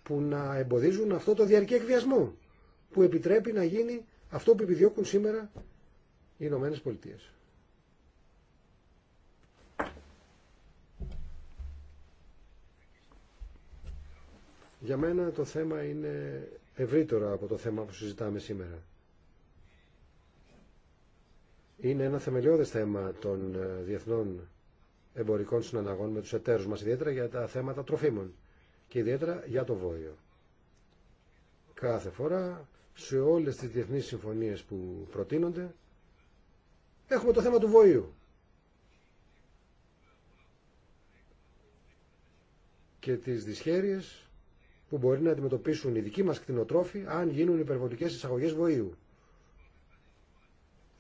που να εμποδίζουν αυτό το διαρκή εκβιασμό που επιτρέπει να γίνει αυτό που επιδιώκουν σήμερα οι Ηνωμένε Πολιτείες. Για μένα το θέμα είναι ευρύτερο από το θέμα που συζητάμε σήμερα. Είναι ένα θεμελιώδες θέμα των ε, διεθνών εμπορικών συναλλαγών με τους εταίρους μας, ιδιαίτερα για τα θέματα τροφίμων και ιδιαίτερα για το βόλιο. Κάθε φορά σε όλες τις διεθνείς συμφωνίες που προτείνονται Έχουμε το θέμα του βοήου. και τις δυσχέρειες που μπορεί να αντιμετωπίσουν οι δικοί μας κτηνοτρόφοι αν γίνουν υπερβολικές εισαγωγές βοήου.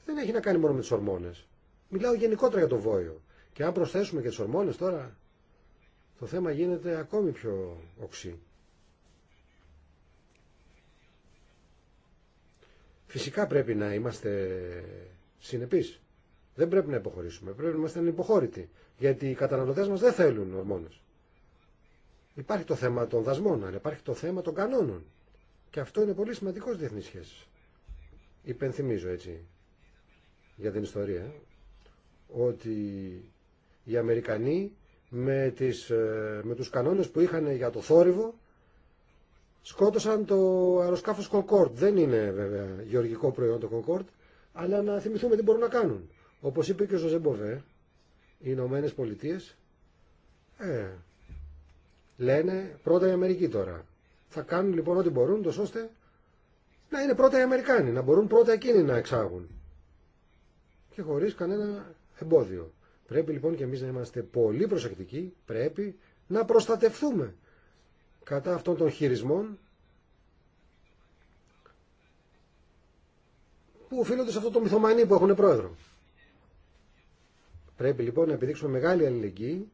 Δεν έχει να κάνει μόνο με τις ορμόνες. Μιλάω γενικότερα για το βόηο. Και αν προσθέσουμε και τις ορμόνες τώρα, το θέμα γίνεται ακόμη πιο οξύ. Φυσικά πρέπει να είμαστε Συνεπεί, Δεν πρέπει να υποχωρήσουμε. Πρέπει να είμαστε ανυποχώρητοι. Γιατί οι καταναλωτέ μα δεν θέλουν ορμόνε. Υπάρχει το θέμα των δασμών, αλλά υπάρχει το θέμα των κανόνων. Και αυτό είναι πολύ σημαντικό στι διεθνεί σχέσει. Υπενθυμίζω έτσι για την ιστορία ότι οι Αμερικανοί με, τις, ε, με τους κανόνες που είχαν για το θόρυβο σκότωσαν το αεροσκάφος Concorde. Δεν είναι βέβαια γεωργικό προϊόν το Concorde, αλλά να θυμηθούμε τι μπορούν να κάνουν. Όπως είπε και ο Ζωζεμποβέ, οι Ηνωμένε Πολιτείε. Ε, λένε πρώτα η Αμερική τώρα. Θα κάνουν λοιπόν ό,τι μπορούν, τόσο ώστε να είναι πρώτα οι Αμερικάνοι, να μπορούν πρώτα εκείνοι να εξάγουν. Και χωρίς κανένα εμπόδιο. Πρέπει λοιπόν και εμεί να είμαστε πολύ προσεκτικοί, πρέπει να προστατευθούμε κατά αυτών των χειρισμών που οφείλονται σε αυτό το μυθομανή που έχουν πρόεδρο. Πρέπει λοιπόν να επιδείξουμε μεγάλη αλληλεγγύη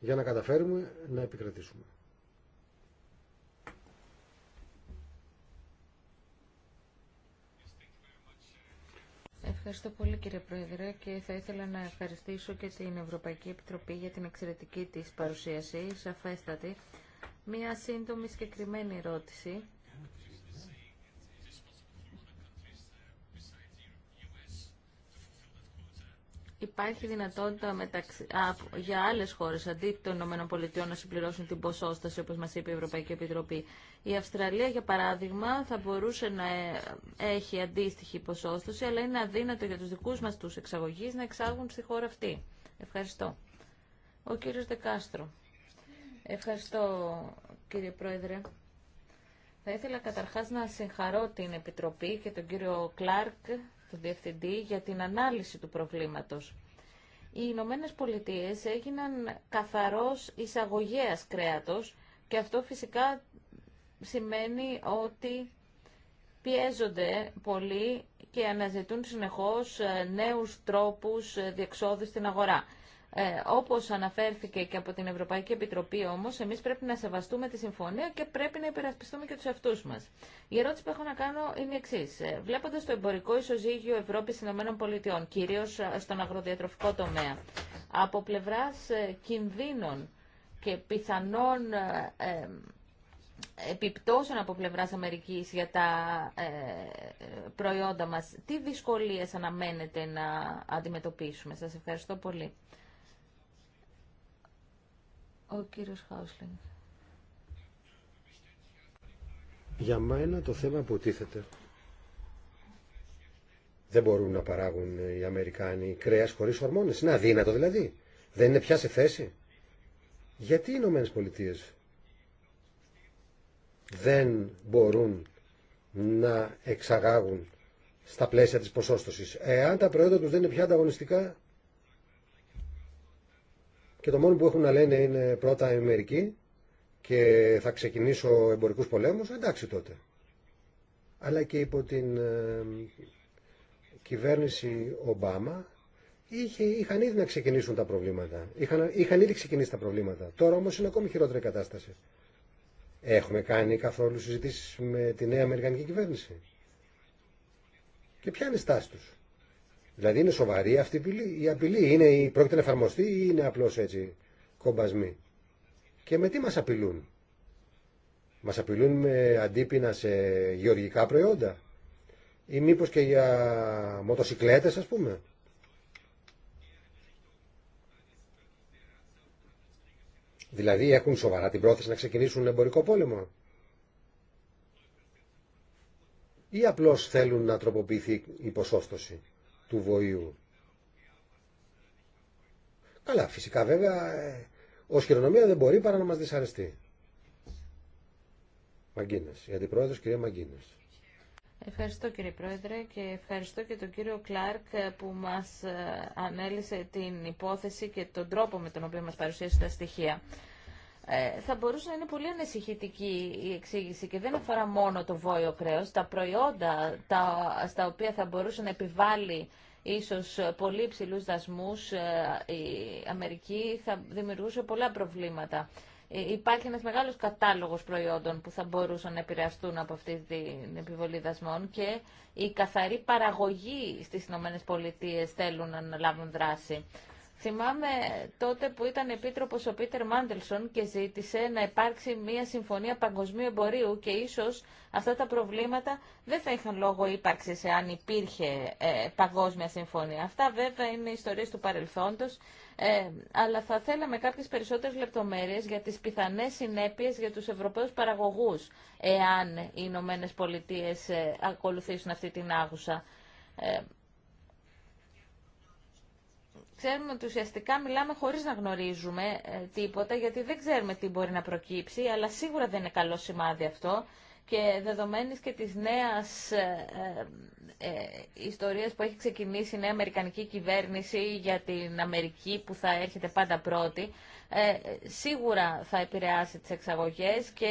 για να καταφέρουμε να επικρατήσουμε. Ευχαριστώ πολύ κύριε Πρόεδρε και θα ήθελα να ευχαριστήσω και την Ευρωπαϊκή Επιτροπή για την εξαιρετική της παρουσίαση, σαφέστατη. Μία σύντομη συγκεκριμένη ερώτηση υπάρχει δυνατότητα μεταξύ, α, για άλλε χώρε αντί των ΗΠΑ να συμπληρώσουν την ποσόσταση όπω μα είπε η Ευρωπαϊκή Επιτροπή. Η Αυστραλία για παράδειγμα θα μπορούσε να ε, έχει αντίστοιχη ποσόσταση, αλλά είναι αδύνατο για του δικού μα του εξαγωγείς να εξάγουν στη χώρα αυτή. Ευχαριστώ. Ο κύριος Δεκάστρο. Ευχαριστώ κύριε Πρόεδρε. Θα ήθελα καταρχάς να συγχαρώ την Επιτροπή και τον κύριο Κλάρκ τον Διευθυντή για την ανάλυση του προβλήματος. Οι Ηνωμένε Πολιτείε έγιναν καθαρός εισαγωγέας κρέατος και αυτό φυσικά σημαίνει ότι πιέζονται πολύ και αναζητούν συνεχώς ε, νέους τρόπους ε, διεξόδου στην αγορά. Ε, όπως αναφέρθηκε και από την Ευρωπαϊκή Επιτροπή όμω, εμεί πρέπει να σεβαστούμε τη συμφωνία και πρέπει να υπερασπιστούμε και του εαυτού μα. Η ερώτηση που έχω να κάνω είναι η εξή. Ε, Βλέποντα το εμπορικό ισοζύγιο Ευρώπης-ΗΠΑ, κυρίω ε, στον αγροδιατροφικό τομέα, από πλευρά ε, κινδύνων και πιθανών επιπτώσεων από πλευρά Αμερική για τα ε, προϊόντα μα, τι δυσκολίε αναμένετε να αντιμετωπίσουμε. Σα ευχαριστώ πολύ. Ο κύριος Χάουσλινγκ. Για μένα το θέμα που τίθεται δεν μπορούν να παράγουν οι Αμερικάνοι κρέας χωρίς ορμόνες. Είναι αδύνατο δηλαδή. Δεν είναι πια σε θέση. Γιατί οι Ηνωμένε Πολιτείε δεν μπορούν να εξαγάγουν στα πλαίσια της ποσόστοσης. Εάν τα προϊόντα τους δεν είναι πια ανταγωνιστικά, και το μόνο που έχουν να λένε είναι πρώτα η Αμερική και θα ξεκινήσω εμπορικούς πολέμους, εντάξει τότε. Αλλά και υπό την ε, κυβέρνηση Ομπάμα είχε, είχαν ήδη να ξεκινήσουν τα προβλήματα. Είχαν, ήδη ξεκινήσει τα προβλήματα. Τώρα όμως είναι ακόμη χειρότερη κατάσταση. Έχουμε κάνει καθόλου συζητήσεις με τη νέα Αμερικανική κυβέρνηση. Και ποια είναι η στάση τους. Δηλαδή είναι σοβαρή αυτή η απειλή. Η είναι, η... πρόκειται να εφαρμοστεί ή είναι απλώς έτσι κομπασμοί. Και με τι μας απειλούν. Μας απειλούν με αντίπεινα σε γεωργικά προϊόντα. Ή μήπως και για μοτοσικλέτες ας πούμε. Δηλαδή έχουν σοβαρά την πρόθεση να ξεκινήσουν εμπορικό πόλεμο. Ή απλώς θέλουν να τροποποιηθεί η ποσόστοση του βοήου. Καλά, φυσικά βέβαια ε, ω χειρονομία δεν μπορεί παρά να μας δυσαρεστεί. Μαγκίνες, η Αντιπρόεδρος κυρία Μαγκίνες. Ευχαριστώ κύριε Πρόεδρε και ευχαριστώ και τον κύριο Κλάρκ ε, που μας ε, ανέλησε την υπόθεση και τον τρόπο με τον οποίο μας παρουσίασε τα στοιχεία. Ε, θα μπορούσε να είναι πολύ ανησυχητική η εξήγηση και δεν αφορά μόνο το βόλιο κρέο. Τα προϊόντα τα, στα οποία θα μπορούσε να επιβάλλει ίσως πολύ ψηλούς δασμούς ε, η Αμερική θα δημιουργούσε πολλά προβλήματα. Ε, υπάρχει ένας μεγάλος κατάλογος προϊόντων που θα μπορούσαν να επηρεαστούν από αυτή την επιβολή δασμών και η καθαρή παραγωγή στι ΗΠΑ θέλουν να λάβουν δράση. Θυμάμαι τότε που ήταν επίτροπος ο Πίτερ Μάντελσον και ζήτησε να υπάρξει μια συμφωνία παγκοσμίου εμπορίου και ίσως αυτά τα προβλήματα δεν θα είχαν λόγο ύπαρξη αν υπήρχε ε, παγκόσμια συμφωνία. Αυτά βέβαια είναι ιστορίες του παρελθόντος, ε, αλλά θα θέλαμε κάποιες περισσότερες λεπτομέρειες για τις πιθανές συνέπειες για τους Ευρωπαίους παραγωγούς, εάν οι Ηνωμένε Πολιτείε ε, ακολουθήσουν αυτή την άγουσα. Ε, ξέρουμε ότι ουσιαστικά μιλάμε χωρίς να γνωρίζουμε ε, τίποτα, γιατί δεν ξέρουμε τι μπορεί να προκύψει, αλλά σίγουρα δεν είναι καλό σημάδι αυτό και δεδομένης και της νέας ε, ε, ε ιστορίας που έχει ξεκινήσει η νέα Αμερικανική κυβέρνηση για την Αμερική που θα έρχεται πάντα πρώτη, σίγουρα θα επηρεάσει τις εξαγωγές και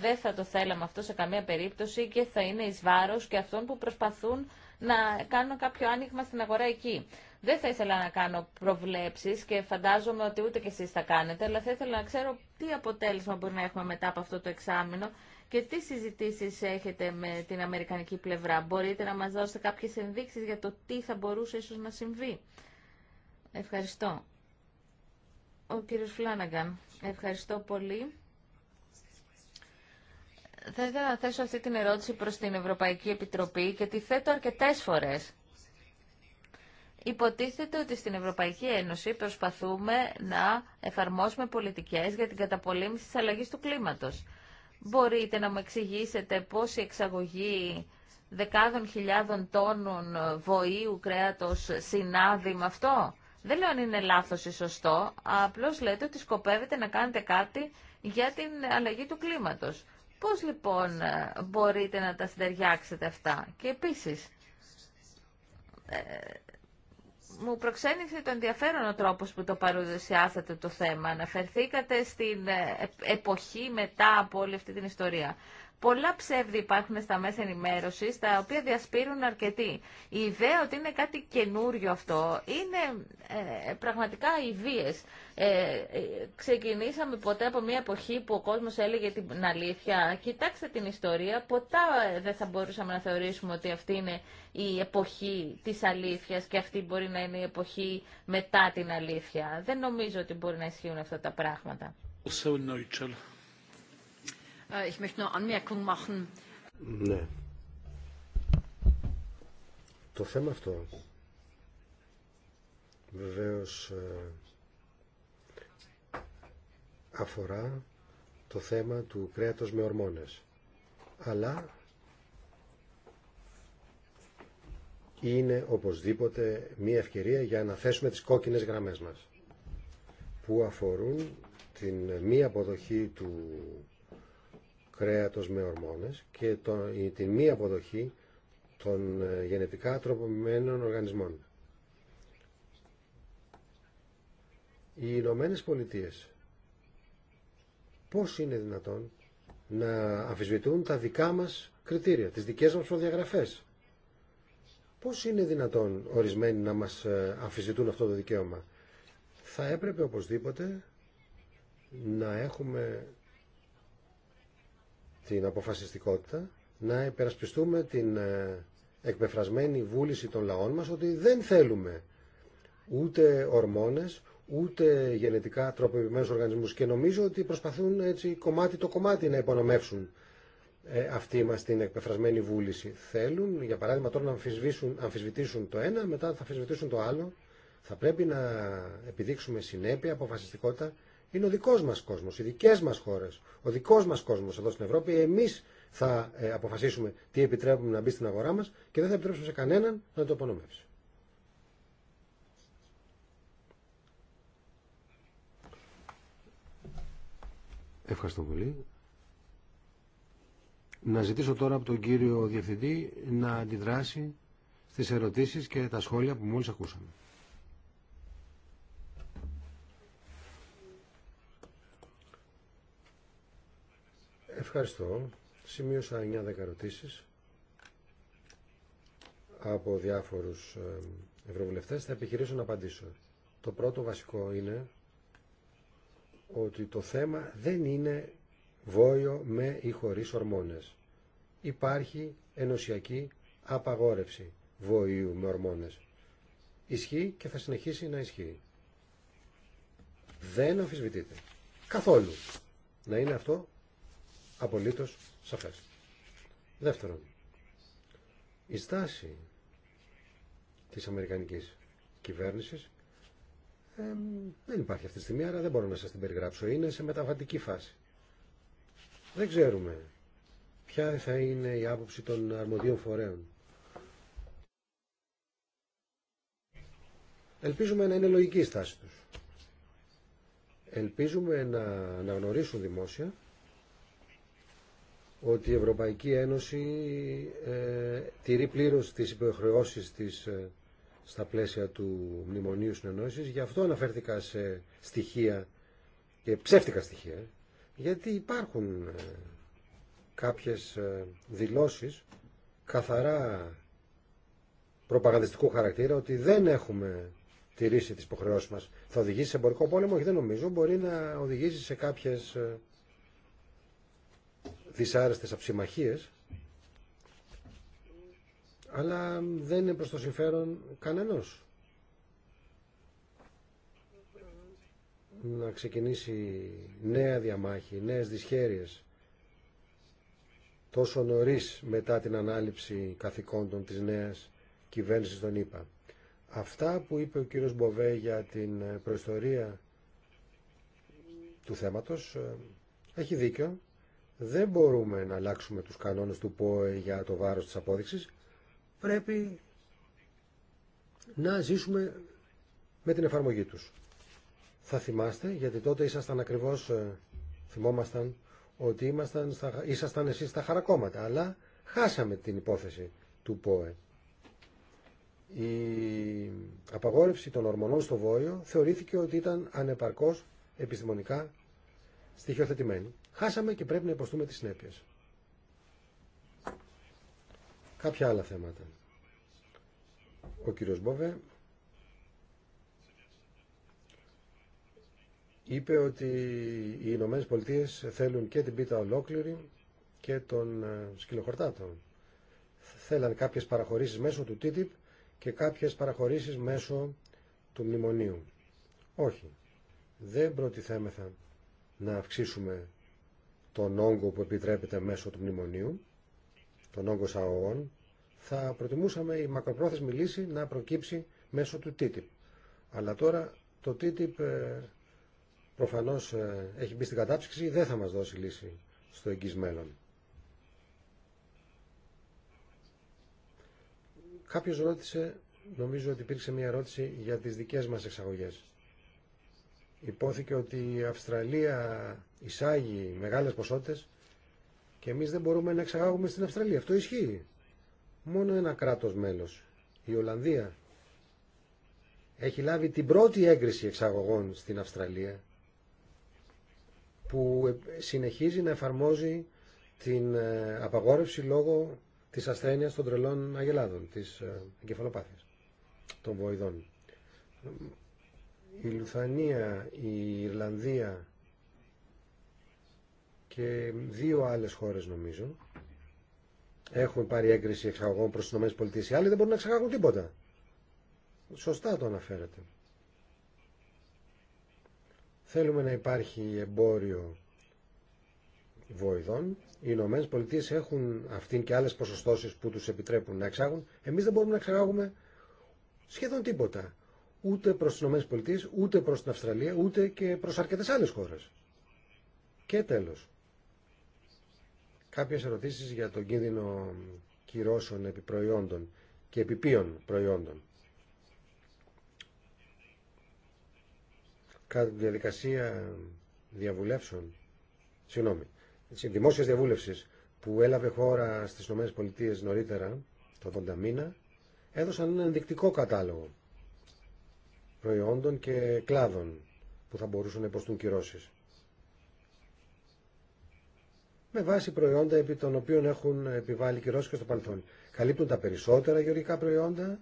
δεν θα το θέλαμε αυτό σε καμία περίπτωση και θα είναι εις βάρος και αυτών που προσπαθούν να κάνουν κάποιο άνοιγμα στην αγορά εκεί. Δεν θα ήθελα να κάνω προβλέψεις και φαντάζομαι ότι ούτε και εσείς θα κάνετε, αλλά θα ήθελα να ξέρω τι αποτέλεσμα μπορεί να έχουμε μετά από αυτό το εξάμεινο και τι συζητήσεις έχετε με την αμερικανική πλευρά. Μπορείτε να μας δώσετε κάποιες ενδείξεις για το τι θα μπορούσε ίσως να συμβεί. Ευχαριστώ. Ο κύριος Φλάναγκαν, ευχαριστώ πολύ. Θα ήθελα να θέσω αυτή την ερώτηση προς την Ευρωπαϊκή Επιτροπή και τη θέτω αρκετές φορές. Υποτίθεται ότι στην Ευρωπαϊκή Ένωση προσπαθούμε να εφαρμόσουμε πολιτικές για την καταπολέμηση της αλλαγής του κλίματος. Μπορείτε να μου εξηγήσετε πώς η εξαγωγή δεκάδων χιλιάδων τόνων βοήου κρέατος συνάδει με αυτό. Δεν λέω αν είναι λάθος ή σωστό, απλώς λέτε ότι σκοπεύετε να κάνετε κάτι για την αλλαγή του κλίματος. Πώς λοιπόν μπορείτε να τα συντεριάξετε αυτά. Και επίσης, ε, μου προξένησε το ενδιαφέρον ο τρόπος που το παρουσιάσατε το θέμα. Αναφερθήκατε στην ε, εποχή μετά από όλη αυτή την ιστορία. Πολλά ψεύδι υπάρχουν στα μέσα ενημέρωση, τα οποία διασπείρουν αρκετοί. Η ιδέα ότι είναι κάτι καινούριο αυτό είναι ε, πραγματικά ιδίε. Ε, ε, ξεκινήσαμε ποτέ από μια εποχή που ο κόσμο έλεγε την αλήθεια. Κοιτάξτε την ιστορία. Ποτέ δεν θα μπορούσαμε να θεωρήσουμε ότι αυτή είναι η εποχή της αλήθεια και αυτή μπορεί να είναι η εποχή μετά την αλήθεια. Δεν νομίζω ότι μπορεί να ισχύουν αυτά τα πράγματα. Äh, ναι. Το θέμα αυτό βεβαίως ε, αφορά το θέμα του κρέατος με ορμόνες. Αλλά είναι οπωσδήποτε μια ευκαιρία για να θέσουμε τις κόκκινες γραμμές μας που αφορούν την μη αποδοχή του κρέατος με ορμόνες και το, την μη αποδοχή των ε, γενετικά τροποποιημένων οργανισμών. Οι Ηνωμένε Πολιτείε πώς είναι δυνατόν να αμφισβητούν τα δικά μας κριτήρια, τις δικές μας προδιαγραφές. Πώς είναι δυνατόν ορισμένοι να μας ε, αμφισβητούν αυτό το δικαίωμα. Θα έπρεπε οπωσδήποτε να έχουμε την αποφασιστικότητα, να υπερασπιστούμε την ε, εκπεφρασμένη βούληση των λαών μας ότι δεν θέλουμε ούτε ορμόνες, ούτε γενετικά τροποποιημένους οργανισμούς και νομίζω ότι προσπαθούν έτσι κομμάτι το κομμάτι να υπονομεύσουν ε, αυτή μας την εκπεφρασμένη βούληση. Θέλουν, για παράδειγμα, τώρα να αμφισβητήσουν, αμφισβητήσουν το ένα, μετά θα αμφισβητήσουν το άλλο. Θα πρέπει να επιδείξουμε συνέπεια, αποφασιστικότητα είναι ο δικός μας κόσμος, οι δικές μας χώρες, ο δικός μας κόσμος εδώ στην Ευρώπη. Εμείς θα ε, αποφασίσουμε τι επιτρέπουμε να μπει στην αγορά μας και δεν θα επιτρέψουμε σε κανέναν να το απονομεύσει. Ευχαριστώ πολύ. Να ζητήσω τώρα από τον κύριο Διευθυντή να αντιδράσει στις ερωτήσεις και τα σχόλια που μόλις ακούσαμε. Ευχαριστώ. Σημείωσα 9-10 ερωτήσει από διάφορους ε, ευρωβουλευτές. Θα επιχειρήσω να απαντήσω. Το πρώτο βασικό είναι ότι το θέμα δεν είναι βόλιο με ή χωρί ορμόνες. Υπάρχει ενωσιακή απαγόρευση βοήου με ορμόνες. Ισχύει και θα συνεχίσει να ισχύει. Δεν αμφισβητείται. Καθόλου. Να είναι αυτό απολύτως σαφές. Δεύτερον, η στάση της Αμερικανικής κυβέρνησης δεν υπάρχει αυτή τη στιγμή, άρα δεν μπορώ να σας την περιγράψω. Είναι σε μεταβατική φάση. Δεν ξέρουμε ποια θα είναι η άποψη των αρμοδίων φορέων. Ελπίζουμε να είναι λογική η στάση τους. Ελπίζουμε να αναγνωρίσουν δημόσια ότι η Ευρωπαϊκή Ένωση ε, τηρεί πλήρως τις υποχρεώσεις της ε, στα πλαίσια του Μνημονίου Συνεννόησης. Γι' αυτό αναφέρθηκα σε στοιχεία και ψεύτικα στοιχεία, γιατί υπάρχουν ε, κάποιες ε, δηλώσεις καθαρά προπαγανδιστικού χαρακτήρα ότι δεν έχουμε τηρήσει τις υποχρεώσεις μας. Θα οδηγήσει σε εμπορικό πόλεμο, όχι δεν νομίζω, μπορεί να οδηγήσει σε κάποιες ε, δυσάρεστες αψημαχίες αλλά δεν είναι προς το συμφέρον κανενός να ξεκινήσει νέα διαμάχη, νέες δυσχέρειες τόσο νωρίς μετά την ανάληψη καθηκόντων της νέας κυβέρνησης των ΗΠΑ. Αυτά που είπε ο κύριος Μποβέ για την προϊστορία του θέματος ε, έχει δίκιο δεν μπορούμε να αλλάξουμε τους κανόνες του ΠΟΕ για το βάρος της απόδειξης. Πρέπει να ζήσουμε με την εφαρμογή τους. Θα θυμάστε, γιατί τότε ήσασταν ακριβώς, ε, θυμόμασταν, ότι ήμασταν στα, ήσασταν εσείς στα χαρακόμματα, αλλά χάσαμε την υπόθεση του ΠΟΕ. Η απαγόρευση των ορμονών στο Βόλιο θεωρήθηκε ότι ήταν ανεπαρκώς επιστημονικά στοιχειοθετημένη. Χάσαμε και πρέπει να υποστούμε τις συνέπειες. Κάποια άλλα θέματα. Ο κύριος Μπόβε είπε ότι οι Ηνωμένε Πολιτείε θέλουν και την πίτα ολόκληρη και τον ε, σκυλοχορτάτο. Θέλαν κάποιες παραχωρήσεις μέσω του TTIP και κάποιες παραχωρήσεις μέσω του μνημονίου. Όχι. Δεν προτιθέμεθα να αυξήσουμε τον όγκο που επιτρέπεται μέσω του μνημονίου, τον όγκο ΣΑΟΟΝ, θα προτιμούσαμε η μακροπρόθεσμη λύση να προκύψει μέσω του TTIP. Αλλά τώρα το TTIP ε, προφανώς ε, έχει μπει στην κατάψυξη, δεν θα μας δώσει λύση στο εγγύς μέλλον. Κάποιος ρώτησε, νομίζω ότι υπήρξε μια ερώτηση για τις δικές μας εξαγωγές υπόθηκε ότι η Αυστραλία εισάγει μεγάλες ποσότητες και εμείς δεν μπορούμε να εξαγάγουμε στην Αυστραλία. Αυτό ισχύει. Μόνο ένα κράτος μέλος, η Ολλανδία, έχει λάβει την πρώτη έγκριση εξαγωγών στην Αυστραλία που συνεχίζει να εφαρμόζει την ε, απαγόρευση λόγω της ασθένειας των τρελών αγελάδων, της ε, εγκεφαλοπάθειας των βοηδών η Λουθανία, η Ιρλανδία και δύο άλλες χώρες νομίζω έχουν πάρει έγκριση εξαγωγών προς τις ΗΠΑ. Οι άλλοι δεν μπορούν να εξαγάγουν τίποτα. Σωστά το αναφέρετε. Θέλουμε να υπάρχει εμπόριο βοηδών. Οι Ηνωμένε Πολιτείες έχουν αυτήν και άλλες ποσοστώσεις που τους επιτρέπουν να εξάγουν. Εμεί δεν μπορούμε να εξαγάγουμε σχεδόν τίποτα ούτε προς τι ΗΠΑ, ούτε προς την Αυστραλία, ούτε και προς αρκετέ άλλε χώρες. Και τέλο. κάποιες ερωτήσει για τον κίνδυνο κυρώσεων επιπροϊόντων και επιπίων προϊόντων. Κατά τη διαδικασία διαβουλεύσεων, συγγνώμη, δημόσια διαβούλευση που έλαβε χώρα στις ΗΠΑ νωρίτερα, το 80 μήνα, έδωσαν ένα ενδεικτικό κατάλογο προϊόντων και κλάδων που θα μπορούσαν να υποστούν κυρώσεις. Με βάση προϊόντα επί των οποίων έχουν επιβάλει κυρώσεις και στο παρελθόν. Καλύπτουν τα περισσότερα γεωργικά προϊόντα,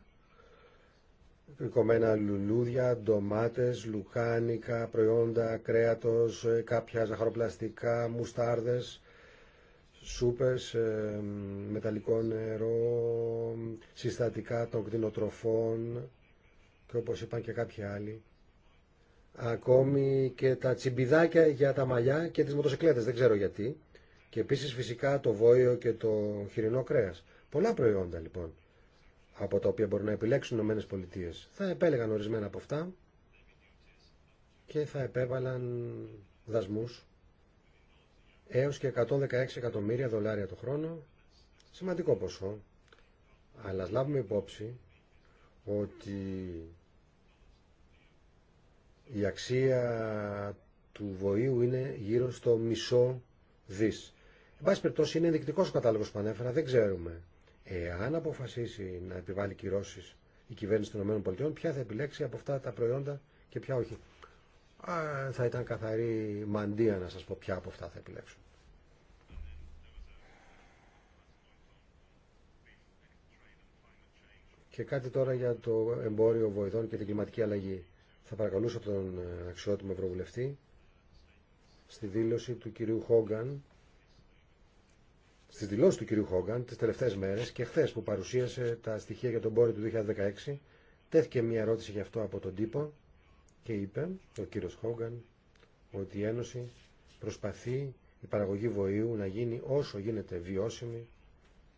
κομμένα λουλούδια, ντομάτες, λουκάνικα, προϊόντα κρέατος, ε, κάποια ζαχαροπλαστικά, μουστάρδες, σούπες, ε, μεταλλικό νερό, συστατικά των κτηνοτροφών, και όπως είπαν και κάποιοι άλλοι ακόμη και τα τσιμπιδάκια για τα μαλλιά και τις μοτοσυκλέτες δεν ξέρω γιατί και επίσης φυσικά το βόιο και το χοιρινό κρέας πολλά προϊόντα λοιπόν από τα οποία μπορούν να επιλέξουν οι Ηνωμένες Πολιτείες θα επέλεγαν ορισμένα από αυτά και θα επέβαλαν δασμούς έως και 116 εκατομμύρια δολάρια το χρόνο σημαντικό ποσό αλλά λάβουμε υπόψη ότι η αξία του βοήου είναι γύρω στο μισό δις. Εν πάση περιπτώσει είναι ενδεικτικός ο κατάλογος που ανέφερα, δεν ξέρουμε. Εάν αποφασίσει να επιβάλλει κυρώσεις η κυβέρνηση των ΗΠΑ, ποια θα επιλέξει από αυτά τα προϊόντα και ποια όχι. Α, θα ήταν καθαρή μαντία να σας πω ποια από αυτά θα επιλέξουν. Και κάτι τώρα για το εμπόριο βοηθών και την κλιματική αλλαγή. Θα παρακαλούσα τον ε, αξιότιμο Ευρωβουλευτή στη δήλωση του κυρίου Χόγκαν στις δηλώσεις του κυρίου Χόγκαν τις τελευταίες μέρες και χθε που παρουσίασε τα στοιχεία για τον πόρο του 2016 τέθηκε μια ερώτηση γι' αυτό από τον τύπο και είπε ο κύριος Χόγκαν ότι η Ένωση προσπαθεί η παραγωγή βοήου να γίνει όσο γίνεται βιώσιμη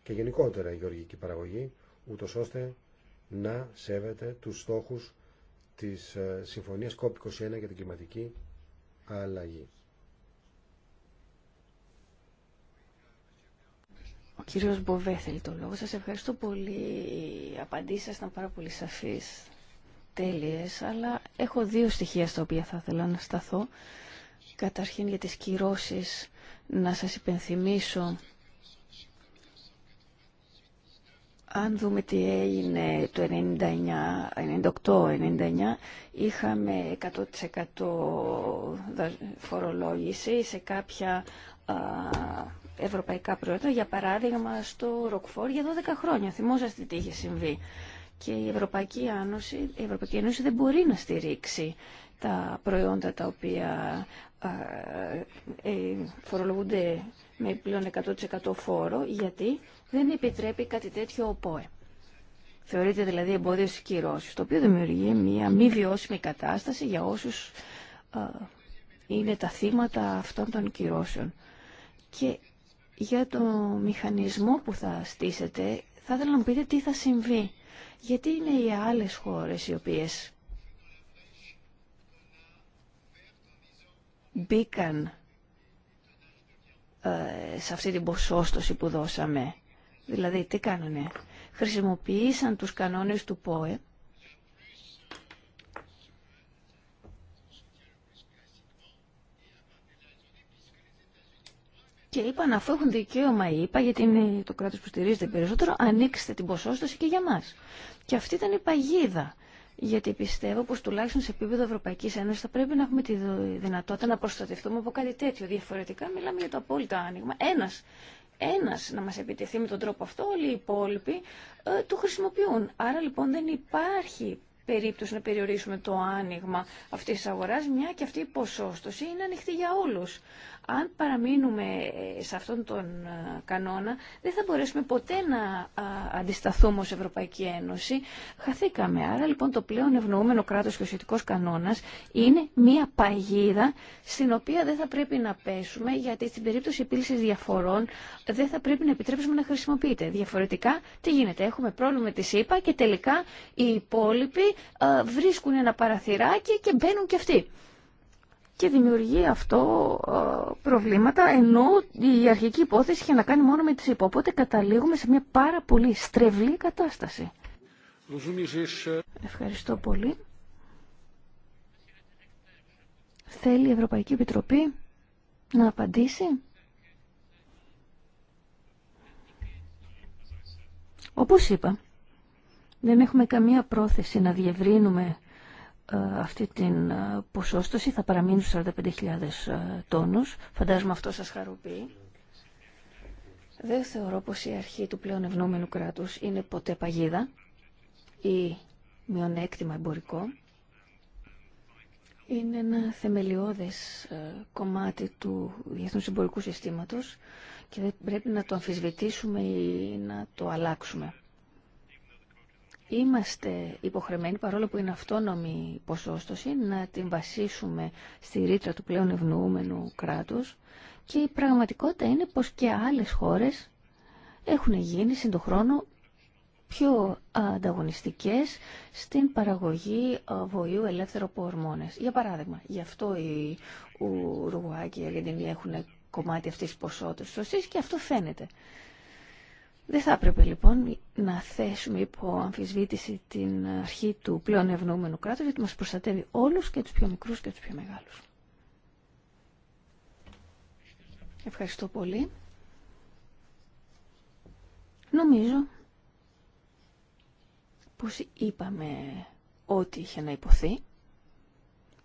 και γενικότερα η γεωργική παραγωγή ούτω ώστε να σέβεται τους στόχους της ε, Συμφωνίας COP21 για την κλιματική αλλαγή. Ο κύριος Μποβέ θέλει το λόγο. Σας ευχαριστώ πολύ. Οι απαντήσεις σας ήταν πάρα πολύ σαφείς, τέλειες, αλλά έχω δύο στοιχεία στα οποία θα ήθελα να σταθώ. Καταρχήν για τις κυρώσεις να σας υπενθυμίσω Αν δούμε τι έγινε το 99, 98-99, είχαμε 100% φορολόγηση σε κάποια α, ευρωπαϊκά προϊόντα, για παράδειγμα στο Ροκφόρ για 12 χρόνια. Θυμόσαστε τι είχε συμβεί. Και η Ευρωπαϊκή Ένωση, η Ευρωπαϊκή Ένωση δεν μπορεί να στηρίξει τα προϊόντα τα οποία ε, φορολογούνται με πλέον 100% φόρο, γιατί δεν επιτρέπει κάτι τέτοιο ο ΠΟΕ. Θεωρείται δηλαδή εμπόδιο στις το οποίο δημιουργεί μια μη βιώσιμη κατάσταση για όσους είναι τα θύματα αυτών των κυρώσεων. Και για το μηχανισμό που θα στήσετε, θα ήθελα να μου πείτε τι θα συμβεί. Γιατί είναι οι άλλες χώρες οι οποίες μπήκαν ε, σε αυτή την ποσόστοση που δώσαμε. Δηλαδή, τι κάνουνε. Χρησιμοποίησαν τους κανόνες του ΠΟΕ Και είπαν, αφού έχουν δικαίωμα οι ΙΠΑ, γιατί είναι το κράτος που στηρίζεται περισσότερο, ανοίξτε την ποσόστοση και για μας. Και αυτή ήταν η παγίδα. Γιατί πιστεύω πως τουλάχιστον σε επίπεδο Ευρωπαϊκής Ένωσης θα πρέπει να έχουμε τη δυνατότητα να προστατευτούμε από κάτι τέτοιο. Διαφορετικά μιλάμε για το απόλυτο άνοιγμα. Ένας ένας να μας επιτεθεί με τον τρόπο αυτό, όλοι οι υπόλοιποι ε, το χρησιμοποιούν. Άρα λοιπόν δεν υπάρχει περίπτωση να περιορίσουμε το άνοιγμα αυτής της αγοράς, μια και αυτή η ποσόστοση είναι ανοιχτή για όλους. Αν παραμείνουμε ε, σε αυτόν τον ε, κανόνα, δεν θα μπορέσουμε ποτέ να αντισταθούμε ως Ευρωπαϊκή Ένωση. Χαθήκαμε. Άρα λοιπόν το πλέον ευνοούμενο κράτος και ο κανόνας είναι μια παγίδα στην οποία δεν θα πρέπει να πέσουμε, γιατί στην περίπτωση επίλυσης διαφορών δεν θα πρέπει να επιτρέψουμε να χρησιμοποιείται. Διαφορετικά, τι γίνεται. Έχουμε πρόβλημα με τη ΣΥΠΑ και τελικά οι υπόλοιποι ε, βρίσκουν ένα παραθυράκι και μπαίνουν και αυτοί. Και δημιουργεί αυτό ε, προβλήματα, ενώ η αρχική υπόθεση είχε να κάνει μόνο με τις υπόποτε Οπότε καταλήγουμε σε μια πάρα πολύ στρεβλή κατάσταση. Ευχαριστώ πολύ. Θέλει η Ευρωπαϊκή Επιτροπή να απαντήσει. Όπως είπα, δεν έχουμε καμία πρόθεση να διευρύνουμε ε, αυτή την ε, ποσόστοση. Θα παραμείνουν 45.000 ε, τόνους. Φαντάζομαι αυτό σας χαροποιεί. Δεν θεωρώ πως η αρχή του πλέον ευνόμενου κράτους είναι ποτέ παγίδα ή μειονέκτημα εμπορικό. Είναι ένα θεμελιώδες κομμάτι του διεθνούς εμπορικού συστήματος και δεν πρέπει να το αμφισβητήσουμε ή να το αλλάξουμε είμαστε υποχρεμένοι, παρόλο που είναι αυτόνομη ποσόστοση, να την βασίσουμε στη ρήτρα του πλέον ευνοούμενου κράτους και η πραγματικότητα είναι πως και άλλες χώρες έχουν γίνει συν χρόνο πιο ανταγωνιστικές στην παραγωγή βοηού ελεύθερο από ορμόνες. Για παράδειγμα, γι' αυτό οι Ουρουάκοι και οι Αργεντινοί έχουν κομμάτι αυτής της ποσότητας και αυτό φαίνεται. Δεν θα έπρεπε λοιπόν να θέσουμε υπό αμφισβήτηση την αρχή του πλέον ευνοούμενου κράτους γιατί μας προστατεύει όλους και τους πιο μικρούς και τους πιο μεγάλους. Ευχαριστώ πολύ. Νομίζω πως είπαμε ό,τι είχε να υποθεί.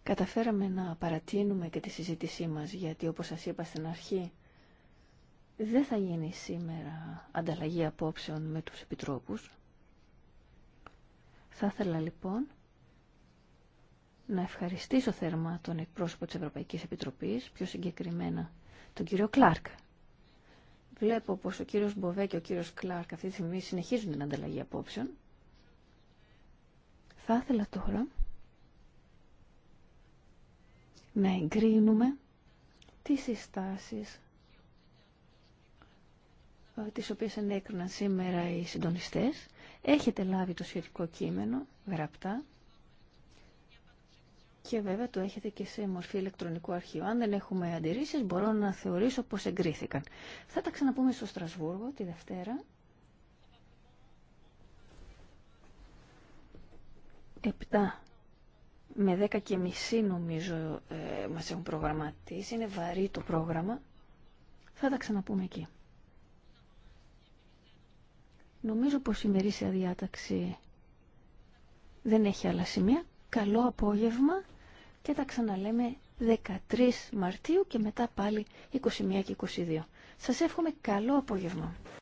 Καταφέραμε να παρατείνουμε και τη συζήτησή μας γιατί όπως σας είπα στην αρχή δεν θα γίνει σήμερα ανταλλαγή απόψεων με τους επιτρόπους. Θα ήθελα λοιπόν να ευχαριστήσω θερμά τον εκπρόσωπο της Ευρωπαϊκής Επιτροπής, πιο συγκεκριμένα τον κύριο Κλάρκ. Βλέπω πως ο κύριος Μποβέ και ο κύριος Κλάρκ αυτή τη στιγμή συνεχίζουν την ανταλλαγή απόψεων. Θα ήθελα τώρα να εγκρίνουμε τις συστάσεις ε, τις οποίες ενέκριναν σήμερα οι συντονιστές. Έχετε λάβει το σχετικό κείμενο, γραπτά, και βέβαια το έχετε και σε μορφή ηλεκτρονικού αρχείου. Αν δεν έχουμε αντιρρήσεις, μπορώ να θεωρήσω πως εγκρίθηκαν. Θα τα ξαναπούμε στο Στρασβούργο τη Δευτέρα. Επτά με δέκα και μισή νομίζω ε, μας έχουν προγραμματίσει. Είναι βαρύ το πρόγραμμα. Θα τα ξαναπούμε εκεί. Νομίζω πως η μερίσια διάταξη δεν έχει άλλα σημεία. Καλό απόγευμα και τα ξαναλέμε 13 Μαρτίου και μετά πάλι 21 και 22. Σας εύχομαι καλό απόγευμα.